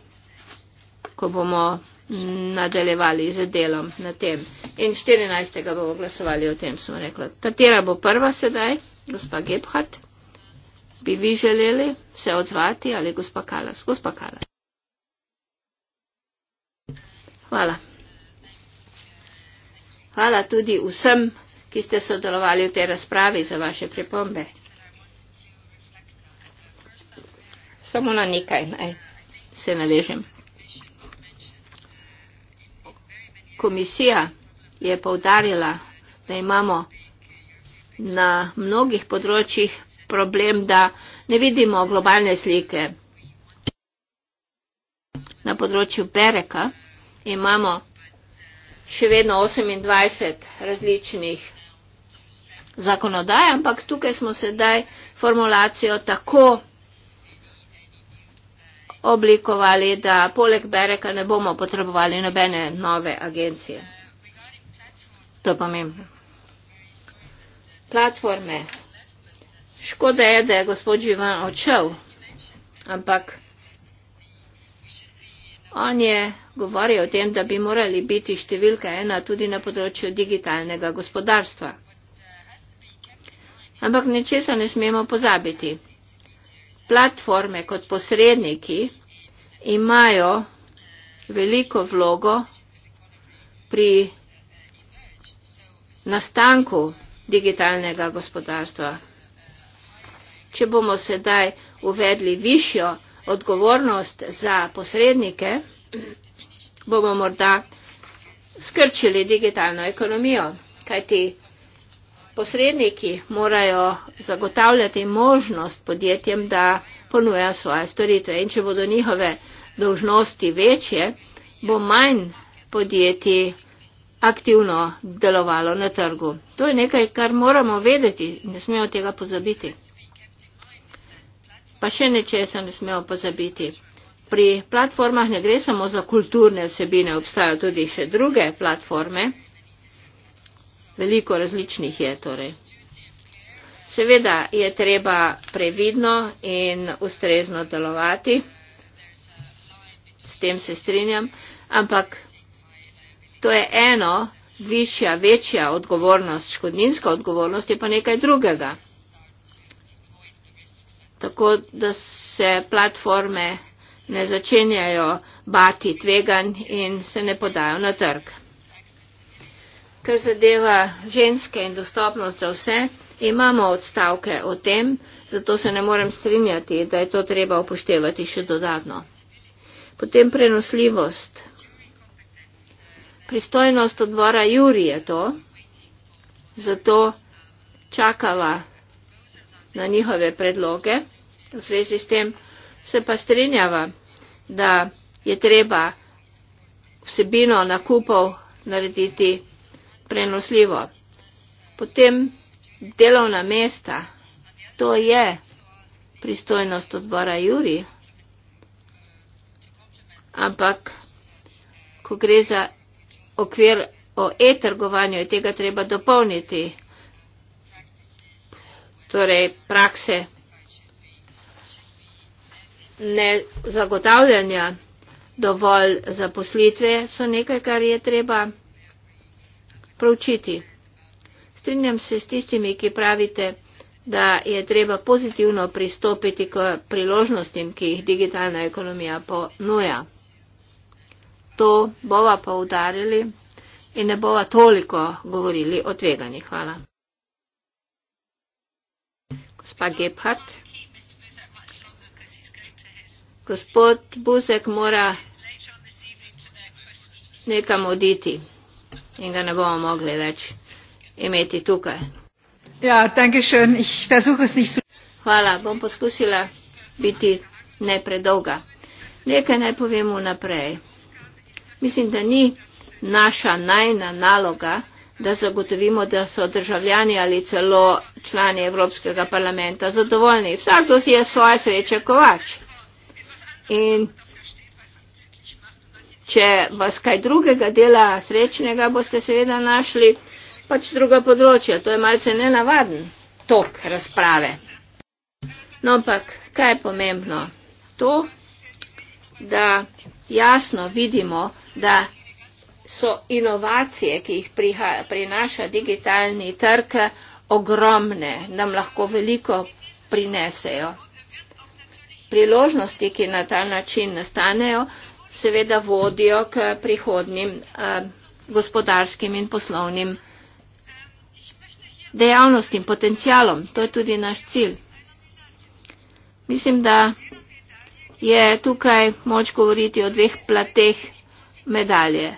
ko bomo mm, nadaljevali z delom na tem. In 14. bomo glasovali o tem, smo rekla. Katera bo prva sedaj, gospa Gebhardt? Bi vi želeli se odzvati ali gospa Kalas? Gospa Kalas. Hvala. Hvala tudi vsem ki ste sodelovali v tej razpravi za vaše pripombe. Samo na nekaj naj se navežem. Komisija je povdarjala, da imamo na mnogih področjih problem, da ne vidimo globalne slike. Na področju Bereka imamo še vedno 28 različnih zakonodaje, ampak tukaj smo sedaj formulacijo tako oblikovali, da poleg Bereka ne bomo potrebovali nobene nove agencije. To je pomembno. Platforme. Škoda je, da je gospod Živan odšel, ampak on je govoril o tem, da bi morali biti številka ena tudi na področju digitalnega gospodarstva ampak nečesa ne smemo pozabiti. Platforme kot posredniki imajo veliko vlogo pri nastanku digitalnega gospodarstva. Če bomo sedaj uvedli višjo odgovornost za posrednike, bomo morda skrčili digitalno ekonomijo, kajti posredniki morajo zagotavljati možnost podjetjem, da ponujajo svoje storitve. In če bodo njihove dolžnosti večje, bo manj podjetij aktivno delovalo na trgu. To je nekaj, kar moramo vedeti, ne smemo tega pozabiti. Pa še nečesa ne smemo pozabiti. Pri platformah ne gre samo za kulturne vsebine, obstajajo tudi še druge platforme veliko različnih je torej. Seveda je treba previdno in ustrezno delovati, s tem se strinjam, ampak to je eno, višja, večja odgovornost, škodninska odgovornost je pa nekaj drugega. Tako da se platforme ne začenjajo bati tvegan in se ne podajo na trg kar zadeva ženske in dostopnost za vse, imamo odstavke o tem, zato se ne morem strinjati, da je to treba upoštevati še dodatno. Potem prenosljivost. Pristojnost odbora Juri je to, zato čakava na njihove predloge v zvezi s tem, se pa strinjava, da je treba vsebino nakupov narediti prenosljivo. Potem delovna mesta, to je pristojnost odbora Juri. Ampak, ko gre za okvir o e-trgovanju, je tega treba dopolniti. Torej, prakse ne zagotavljanja dovolj zaposlitve so nekaj, kar je treba proučiti. Strinjam se s tistimi, ki pravite, da je treba pozitivno pristopiti k priložnostim, ki jih digitalna ekonomija ponuja. To bova poudarili in ne bova toliko govorili o tveganjih. Hvala. Gospa Gebhardt. Gospod Buzek mora nekam oditi in ga ne bomo mogli več imeti tukaj. Ja, Hvala, bom poskusila biti ne predolga. Nekaj naj povem vnaprej. Mislim, da ni naša najna naloga, da zagotovimo, da so državljani ali celo člani Evropskega parlamenta zadovoljni. Vsakdo si je svoje sreče kovač. In Če vas kaj drugega dela srečnega, boste seveda našli pač druga področja. To je malce nenavaden tok razprave. No, ampak kaj je pomembno? To, da jasno vidimo, da so inovacije, ki jih priha, prinaša digitalni trg, ogromne, nam lahko veliko prinesejo. Priložnosti, ki na ta način nastanejo, seveda vodijo k prihodnim eh, gospodarskim in poslovnim dejavnostim, potencijalom. To je tudi naš cilj. Mislim, da je tukaj moč govoriti o dveh plateh medalje.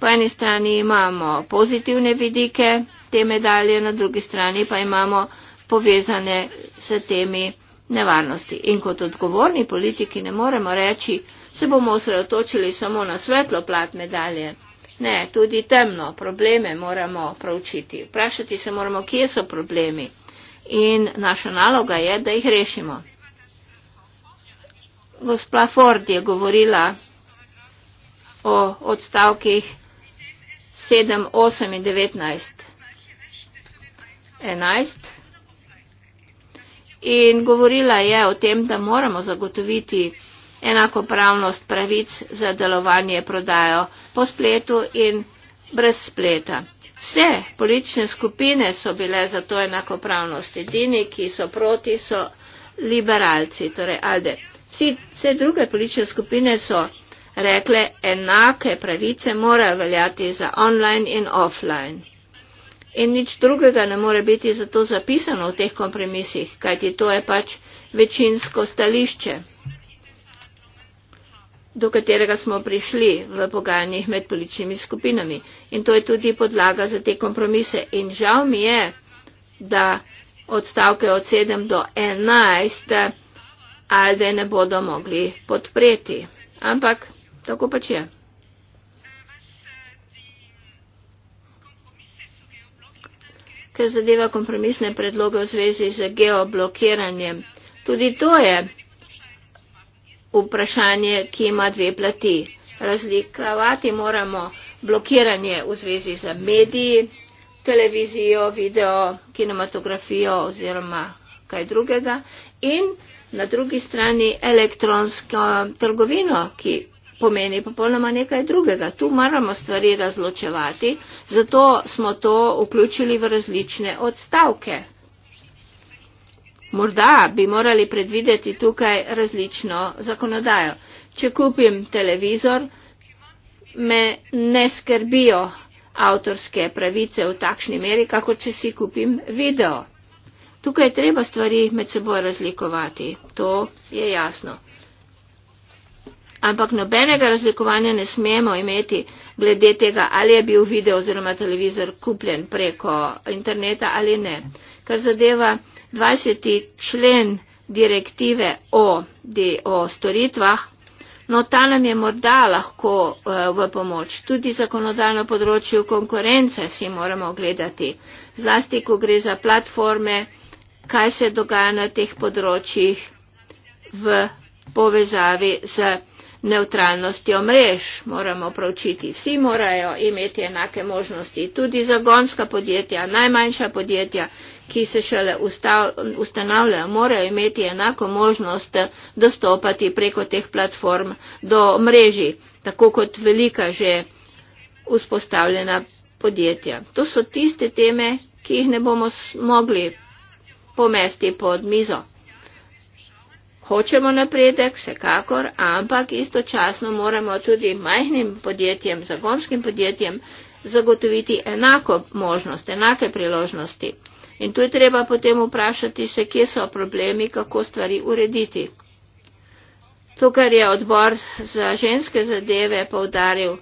Po eni strani imamo pozitivne vidike te medalje, na drugi strani pa imamo povezane s temi nevarnosti. In kot odgovorni politiki ne moremo reči, se bomo osredotočili samo na svetlo plat medalje. Ne, tudi temno probleme moramo pravčiti. Vprašati se moramo, kje so problemi. In naša naloga je, da jih rešimo. Gospa Ford je govorila o odstavkih 7, 8 in 19. 11. In govorila je o tem, da moramo zagotoviti enakopravnost pravic za delovanje prodajo po spletu in brez spleta. Vse politične skupine so bile za to enakopravnost. Edini, ki so proti, so liberalci, torej Alde. Vsi, vse druge politične skupine so rekle, enake pravice morajo veljati za online in offline. In nič drugega ne more biti zato zapisano v teh kompromisih, kajti to je pač večinsko stališče do katerega smo prišli v pogajanjih med političnimi skupinami. In to je tudi podlaga za te kompromise. In žal mi je, da odstavke od 7 do 11 Alde ne bodo mogli podpreti. Ampak tako pač je. Kar zadeva kompromisne predloge v zvezi z geoblokiranjem. Tudi to je vprašanje, ki ima dve plati. Razlikovati moramo blokiranje v zvezi z mediji, televizijo, video, kinematografijo oziroma kaj drugega in na drugi strani elektronsko trgovino, ki pomeni popolnoma nekaj drugega. Tu moramo stvari razločevati, zato smo to vključili v različne odstavke. Morda bi morali predvideti tukaj različno zakonodajo. Če kupim televizor, me ne skrbijo avtorske pravice v takšni meri, kako če si kupim video. Tukaj je treba stvari med seboj razlikovati, to je jasno. Ampak nobenega razlikovanja ne smemo imeti glede tega, ali je bil video oziroma televizor kupljen preko interneta ali ne. Kar zadeva 20. člen direktive o, di, o storitvah, no ta nam je morda lahko uh, v pomoč. Tudi zakonodajno področje konkurence si moramo gledati, zlasti, ko gre za platforme, kaj se dogaja na teh področjih v povezavi z neutralnostjo mrež. Moramo pravčiti, vsi morajo imeti enake možnosti, tudi zagonska podjetja, najmanjša podjetja ki se šele ustanavljajo, morajo imeti enako možnost dostopati preko teh platform do mreži, tako kot velika že vzpostavljena podjetja. To so tiste teme, ki jih ne bomo mogli pomesti pod mizo. Hočemo napredek, vsekakor, ampak istočasno moramo tudi majhnim podjetjem, zagonskim podjetjem, zagotoviti enako možnost, enake priložnosti. In tu je treba potem vprašati se, kje so problemi, kako stvari urediti. To, kar je odbor za ženske zadeve povdaril,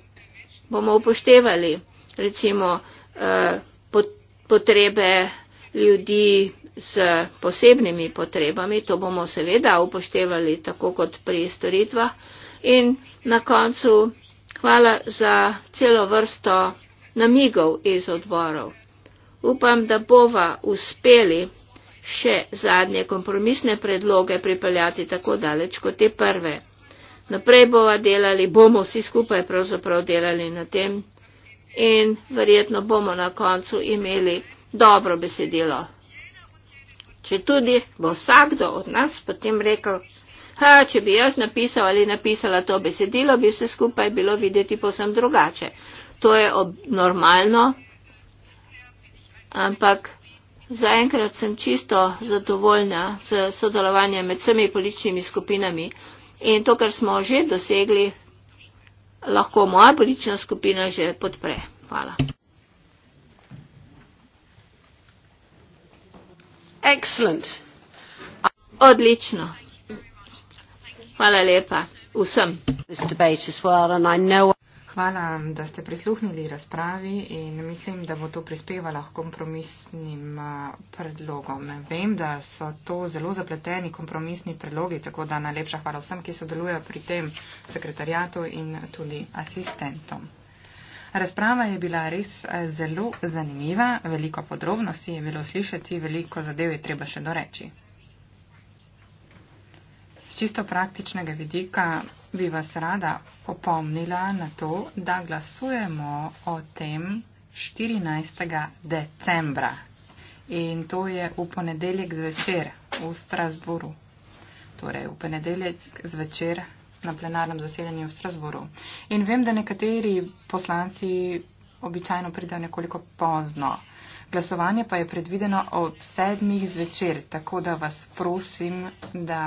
bomo upoštevali recimo eh, potrebe ljudi s posebnimi potrebami, to bomo seveda upoštevali tako kot pri storitvah. In na koncu hvala za celo vrsto namigov iz odborov. Upam, da bova uspeli še zadnje kompromisne predloge pripeljati tako daleč kot te prve. Naprej bova delali, bomo vsi skupaj pravzaprav delali na tem in verjetno bomo na koncu imeli dobro besedilo. Če tudi bo vsakdo od nas potem rekel, ha, če bi jaz napisal ali napisala to besedilo, bi vse skupaj bilo videti posem drugače. To je ob, normalno, ampak zaenkrat sem čisto zadovoljna z sodelovanjem med vsemi političnimi skupinami in to, kar smo že dosegli, lahko moja politična skupina že podpre. Hvala. Excellent. Odlično. Hvala lepa vsem hvala, da ste prisluhnili razpravi in mislim, da bo to prispevalo k kompromisnim predlogom. Vem, da so to zelo zapleteni kompromisni predlogi, tako da najlepša hvala vsem, ki sodelujejo pri tem sekretarjatu in tudi asistentom. Razprava je bila res zelo zanimiva, veliko podrobnosti je bilo slišati, veliko zadev je treba še doreči. Z čisto praktičnega vidika bi vas rada opomnila na to, da glasujemo o tem 14. decembra in to je v ponedeljek zvečer v Strasburu. Torej, v ponedeljek zvečer na plenarnem zasedanju v Strasburu. In vem, da nekateri poslanci običajno pridejo nekoliko pozno. Glasovanje pa je predvideno ob sedmih zvečer, tako da vas prosim, da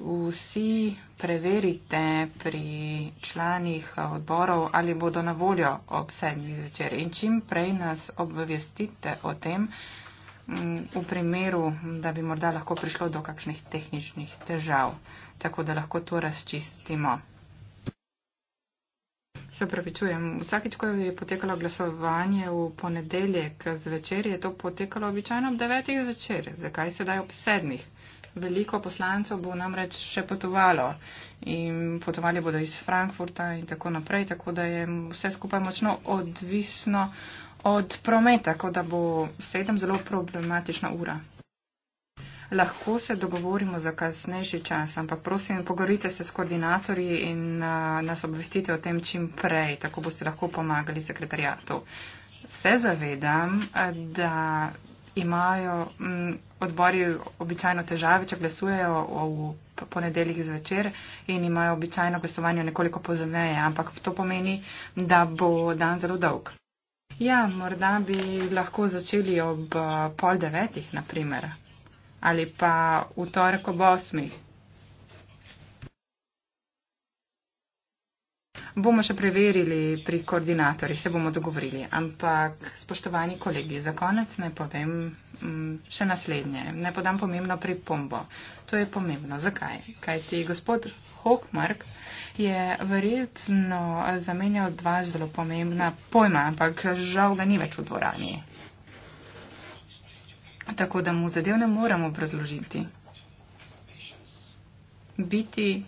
vsi preverite pri članih odborov, ali bodo na voljo ob sedmih zvečer in čim prej nas obvestite o tem, mm, v primeru, da bi morda lahko prišlo do kakšnih tehničnih težav, tako da lahko to razčistimo. Se pravi, čujem, vsakič, ko je potekalo glasovanje v ponedeljek zvečer, je to potekalo običajno ob devetih zvečer. Zakaj sedaj ob sedmih? veliko poslancev bo namreč še potovalo in potovali bodo iz Frankfurta in tako naprej, tako da je vse skupaj močno odvisno od prometa, tako da bo sedem zelo problematična ura. Lahko se dogovorimo za kasnejši čas, ampak prosim, pogovorite se s koordinatorji in a, nas obvestite o tem čim prej, tako boste lahko pomagali sekretarjatu. Se zavedam, da imajo m, mm, odbori običajno težave, če glasujejo v ponedeljih zvečer in imajo običajno glasovanje nekoliko pozneje, ampak to pomeni, da bo dan zelo dolg. Ja, morda bi lahko začeli ob pol devetih, naprimer, ali pa v torek ob osmih. bomo še preverili pri koordinatorjih, se bomo dogovorili. Ampak, spoštovani kolegi, za konec naj povem mm, še naslednje. Naj podam pomembno pripombo. To je pomembno. Zakaj? Kaj ti gospod Hokmark je verjetno zamenjal dva zelo pomembna pojma, ampak žal ga ni več v dvorani. Tako da mu zadev ne moramo obrazložiti. Biti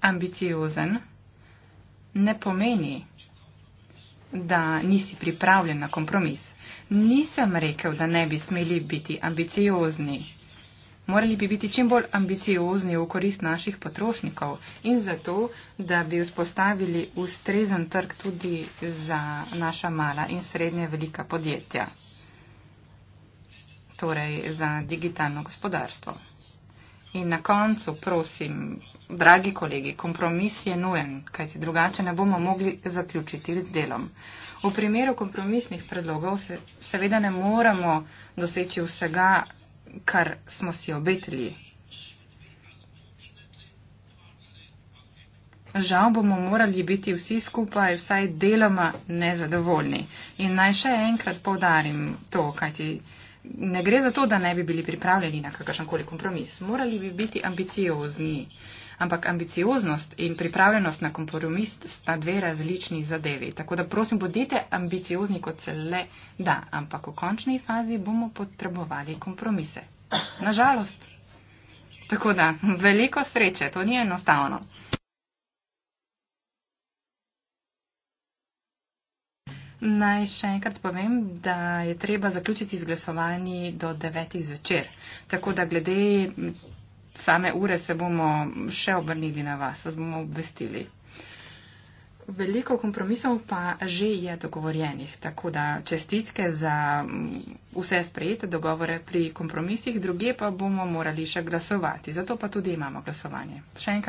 ambiciozen ne pomeni, da nisi pripravljen na kompromis. Nisem rekel, da ne bi smeli biti ambiciozni. Morali bi biti čim bolj ambiciozni v korist naših potrošnikov in zato, da bi vzpostavili ustrezen trg tudi za naša mala in srednje velika podjetja, torej za digitalno gospodarstvo. In na koncu, prosim, Dragi kolegi, kompromis je nujen, kajti drugače ne bomo mogli zaključiti z delom. V primeru kompromisnih predlogov se, seveda ne moremo doseči vsega, kar smo si obetili. Žal bomo morali biti vsi skupaj vsaj deloma nezadovoljni. In naj še enkrat povdarim to, kajti ne gre za to, da ne bi bili pripravljeni na kakršen koli kompromis. Morali bi biti ambiciozni ampak ambicioznost in pripravljenost na kompromis sta dve različni zadevi. Tako da prosim, bodite ambiciozni kot se le da, ampak v končni fazi bomo potrebovali kompromise. Nažalost. Tako da, veliko sreče, to ni enostavno. Naj še enkrat povem, da je treba zaključiti z glasovanji do devetih zvečer. Tako da glede same ure se bomo še obrnili na vas, vas bomo obvestili. Veliko kompromisov pa že je dogovorjenih, tako da čestitke za mm, vse sprejete dogovore pri kompromisih, druge pa bomo morali še glasovati. Zato pa tudi imamo glasovanje.